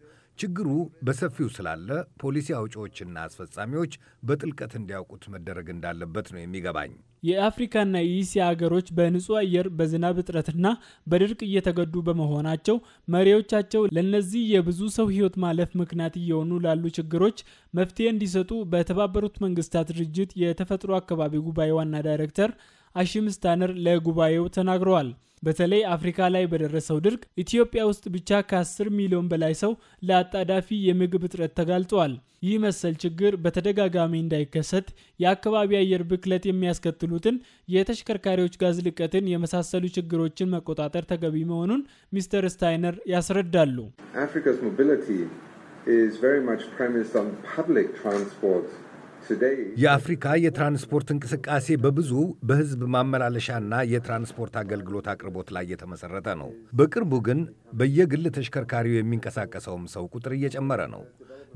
ችግሩ በሰፊው ስላለ ፖሊሲ አውጪዎችና አስፈጻሚዎች በጥልቀት እንዲያውቁት መደረግ እንዳለበት ነው የሚገባኝ። የአፍሪካና የኢሲያ ሀገሮች በንጹህ አየር በዝናብ እጥረትና በድርቅ እየተገዱ በመሆናቸው መሪዎቻቸው ለነዚህ የብዙ ሰው ህይወት ማለፍ ምክንያት እየሆኑ ላሉ ችግሮች መፍትሄ እንዲሰጡ በተባበሩት መንግስታት ድርጅት የተፈጥሮ አካባቢ ጉባኤ ዋና ዳይሬክተር አሺም ስታነር ለጉባኤው ተናግረዋል። በተለይ አፍሪካ ላይ በደረሰው ድርቅ ኢትዮጵያ ውስጥ ብቻ ከ10 ሚሊዮን በላይ ሰው ለአጣዳፊ የምግብ እጥረት ተጋልጧል። ይህ መሰል ችግር በተደጋጋሚ እንዳይከሰት የአካባቢ አየር ብክለት የሚያስከትሉትን የተሽከርካሪዎች ጋዝ ልቀትን የመሳሰሉ ችግሮችን መቆጣጠር ተገቢ መሆኑን ሚስተር ስታይነር ያስረዳሉ። የአፍሪካ የትራንስፖርት እንቅስቃሴ በብዙ በህዝብ ማመላለሻና የትራንስፖርት አገልግሎት አቅርቦት ላይ የተመሠረተ ነው። በቅርቡ ግን በየግል ተሽከርካሪው የሚንቀሳቀሰውም ሰው ቁጥር እየጨመረ ነው።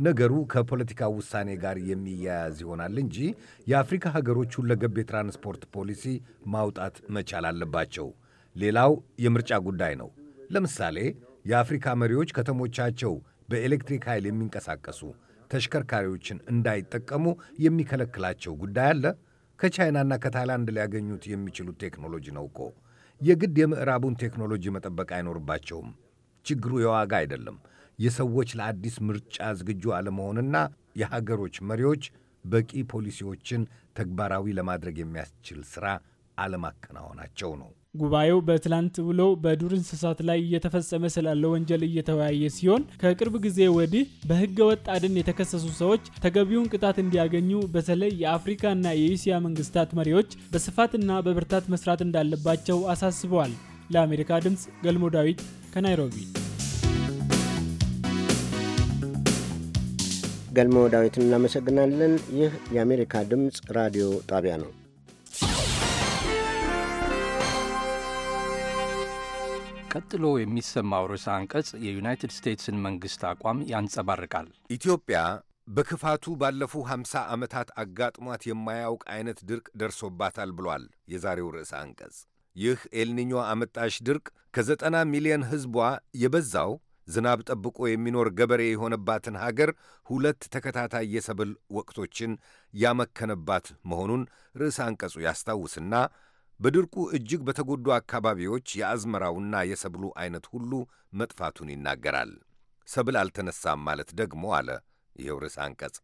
ነገሩ ከፖለቲካ ውሳኔ ጋር የሚያያዝ ይሆናል እንጂ የአፍሪካ ሀገሮች ሁለገብ የትራንስፖርት ፖሊሲ ማውጣት መቻል አለባቸው። ሌላው የምርጫ ጉዳይ ነው። ለምሳሌ የአፍሪካ መሪዎች ከተሞቻቸው በኤሌክትሪክ ኃይል የሚንቀሳቀሱ ተሽከርካሪዎችን እንዳይጠቀሙ የሚከለክላቸው ጉዳይ አለ? ከቻይናና ከታይላንድ ሊያገኙት የሚችሉት ቴክኖሎጂ ነው እኮ። የግድ የምዕራቡን ቴክኖሎጂ መጠበቅ አይኖርባቸውም። ችግሩ የዋጋ አይደለም፣ የሰዎች ለአዲስ ምርጫ ዝግጁ አለመሆንና የሀገሮች መሪዎች በቂ ፖሊሲዎችን ተግባራዊ ለማድረግ የሚያስችል ሥራ አለማከናወናቸው ነው። ጉባኤው በትላንት ብሎ በዱር እንስሳት ላይ እየተፈጸመ ስላለ ወንጀል እየተወያየ ሲሆን ከቅርብ ጊዜ ወዲህ በህገ ወጥ አድን የተከሰሱ ሰዎች ተገቢውን ቅጣት እንዲያገኙ በተለይ የአፍሪካና የእስያ መንግስታት መሪዎች በስፋትና በብርታት መስራት እንዳለባቸው አሳስበዋል። ለአሜሪካ ድምፅ ገልሞ ዳዊት ከናይሮቢ። ገልሞ ዳዊትን እናመሰግናለን። ይህ የአሜሪካ ድምፅ ራዲዮ ጣቢያ ነው። ቀጥሎ የሚሰማው ርዕሰ አንቀጽ የዩናይትድ ስቴትስን መንግሥት አቋም ያንጸባርቃል። ኢትዮጵያ በክፋቱ ባለፉ ሀምሳ ዓመታት አጋጥሟት የማያውቅ አይነት ድርቅ ደርሶባታል ብሏል የዛሬው ርዕሰ አንቀጽ። ይህ ኤልኒኞ አመጣሽ ድርቅ ከዘጠና ሚሊዮን ሕዝቧ የበዛው ዝናብ ጠብቆ የሚኖር ገበሬ የሆነባትን ሀገር ሁለት ተከታታይ የሰብል ወቅቶችን ያመከነባት መሆኑን ርዕሰ አንቀጹ ያስታውስና በድርቁ እጅግ በተጎዱ አካባቢዎች የአዝመራውና የሰብሉ አይነት ሁሉ መጥፋቱን ይናገራል። ሰብል አልተነሳም ማለት ደግሞ አለ ይኸው ርዕስ አንቀጽ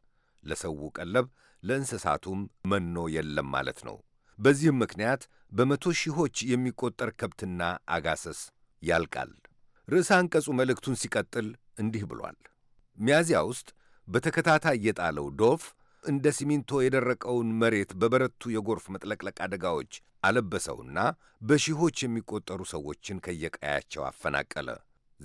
ለሰው ቀለብ ለእንስሳቱም መኖ የለም ማለት ነው። በዚህም ምክንያት በመቶ ሺዎች የሚቆጠር ከብትና አጋሰስ ያልቃል። ርዕሰ አንቀጹ መልእክቱን ሲቀጥል እንዲህ ብሏል። ሚያዚያ ውስጥ በተከታታይ የጣለው ዶፍ እንደ ሲሚንቶ የደረቀውን መሬት በበረቱ የጎርፍ መጥለቅለቅ አደጋዎች አለበሰውና በሺዎች የሚቆጠሩ ሰዎችን ከየቀያቸው አፈናቀለ።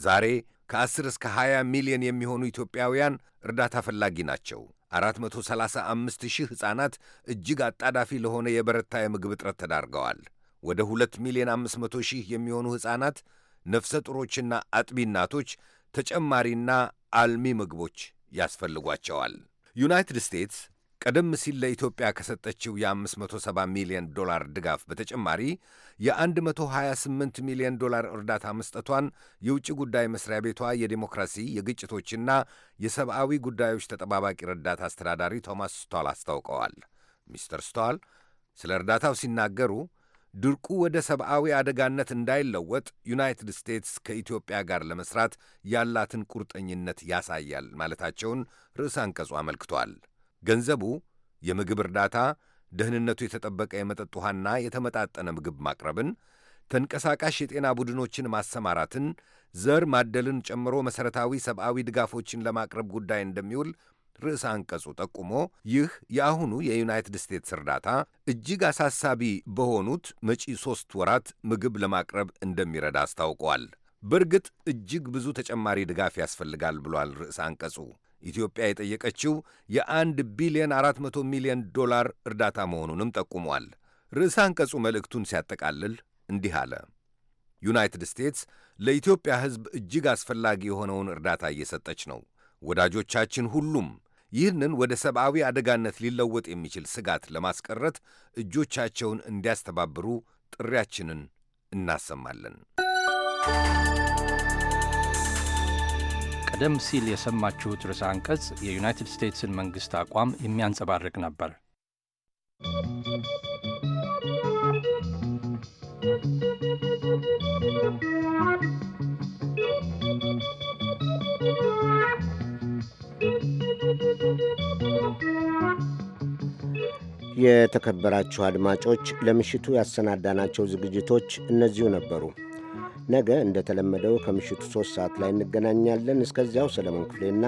ዛሬ ከ10 እስከ 20 ሚሊዮን የሚሆኑ ኢትዮጵያውያን እርዳታ ፈላጊ ናቸው። 435 ሺህ ሕፃናት እጅግ አጣዳፊ ለሆነ የበረታ የምግብ እጥረት ተዳርገዋል። ወደ 2 ሚሊዮን 500 ሺህ የሚሆኑ ሕፃናት፣ ነፍሰ ጡሮችና አጥቢ እናቶች ተጨማሪና አልሚ ምግቦች ያስፈልጓቸዋል። ዩናይትድ ስቴትስ ቀደም ሲል ለኢትዮጵያ ከሰጠችው የ570 ሚሊዮን ዶላር ድጋፍ በተጨማሪ የ128 ሚሊዮን ዶላር እርዳታ መስጠቷን የውጭ ጉዳይ መስሪያ ቤቷ የዲሞክራሲ የግጭቶችና የሰብአዊ ጉዳዮች ተጠባባቂ ረዳት አስተዳዳሪ ቶማስ ስቷል አስታውቀዋል። ሚስተር ስቷል ስለ እርዳታው ሲናገሩ ድርቁ ወደ ሰብአዊ አደጋነት እንዳይለወጥ ዩናይትድ ስቴትስ ከኢትዮጵያ ጋር ለመስራት ያላትን ቁርጠኝነት ያሳያል ማለታቸውን ርዕሰ አንቀጹ አመልክቷል። ገንዘቡ የምግብ እርዳታ፣ ደህንነቱ የተጠበቀ የመጠጥ ውሃና የተመጣጠነ ምግብ ማቅረብን፣ ተንቀሳቃሽ የጤና ቡድኖችን ማሰማራትን፣ ዘር ማደልን ጨምሮ መሠረታዊ ሰብአዊ ድጋፎችን ለማቅረብ ጉዳይ እንደሚውል ርዕሰ አንቀጹ ጠቁሞ ይህ የአሁኑ የዩናይትድ ስቴትስ እርዳታ እጅግ አሳሳቢ በሆኑት መጪ ሦስት ወራት ምግብ ለማቅረብ እንደሚረዳ አስታውቀዋል። በእርግጥ እጅግ ብዙ ተጨማሪ ድጋፍ ያስፈልጋል ብሏል ርዕሰ አንቀጹ። ኢትዮጵያ የጠየቀችው የአንድ ቢሊዮን 400 ሚሊዮን ዶላር እርዳታ መሆኑንም ጠቁሟል። ርዕሰ አንቀጹ መልእክቱን ሲያጠቃልል እንዲህ አለ። ዩናይትድ ስቴትስ ለኢትዮጵያ ሕዝብ እጅግ አስፈላጊ የሆነውን እርዳታ እየሰጠች ነው። ወዳጆቻችን ሁሉም ይህንን ወደ ሰብአዊ አደጋነት ሊለወጥ የሚችል ስጋት ለማስቀረት እጆቻቸውን እንዲያስተባብሩ ጥሪያችንን እናሰማለን። ቀደም ሲል የሰማችሁት ርዕሰ አንቀጽ የዩናይትድ ስቴትስን መንግሥት አቋም የሚያንጸባርቅ ነበር። የተከበራችሁ አድማጮች ለምሽቱ ያሰናዳናቸው ዝግጅቶች እነዚሁ ነበሩ። ነገ እንደተለመደው ከምሽቱ ሶስት ሰዓት ላይ እንገናኛለን። እስከዚያው ሰለሞን ክፍሌና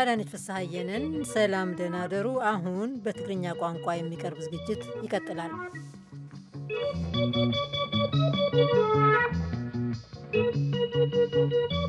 አዳነች ፍስሐየንን ሰላም ደህና አሁን በትግርኛ ቋንቋ የሚቀርብ ዝግጅት ይቀጥላል። Thank you.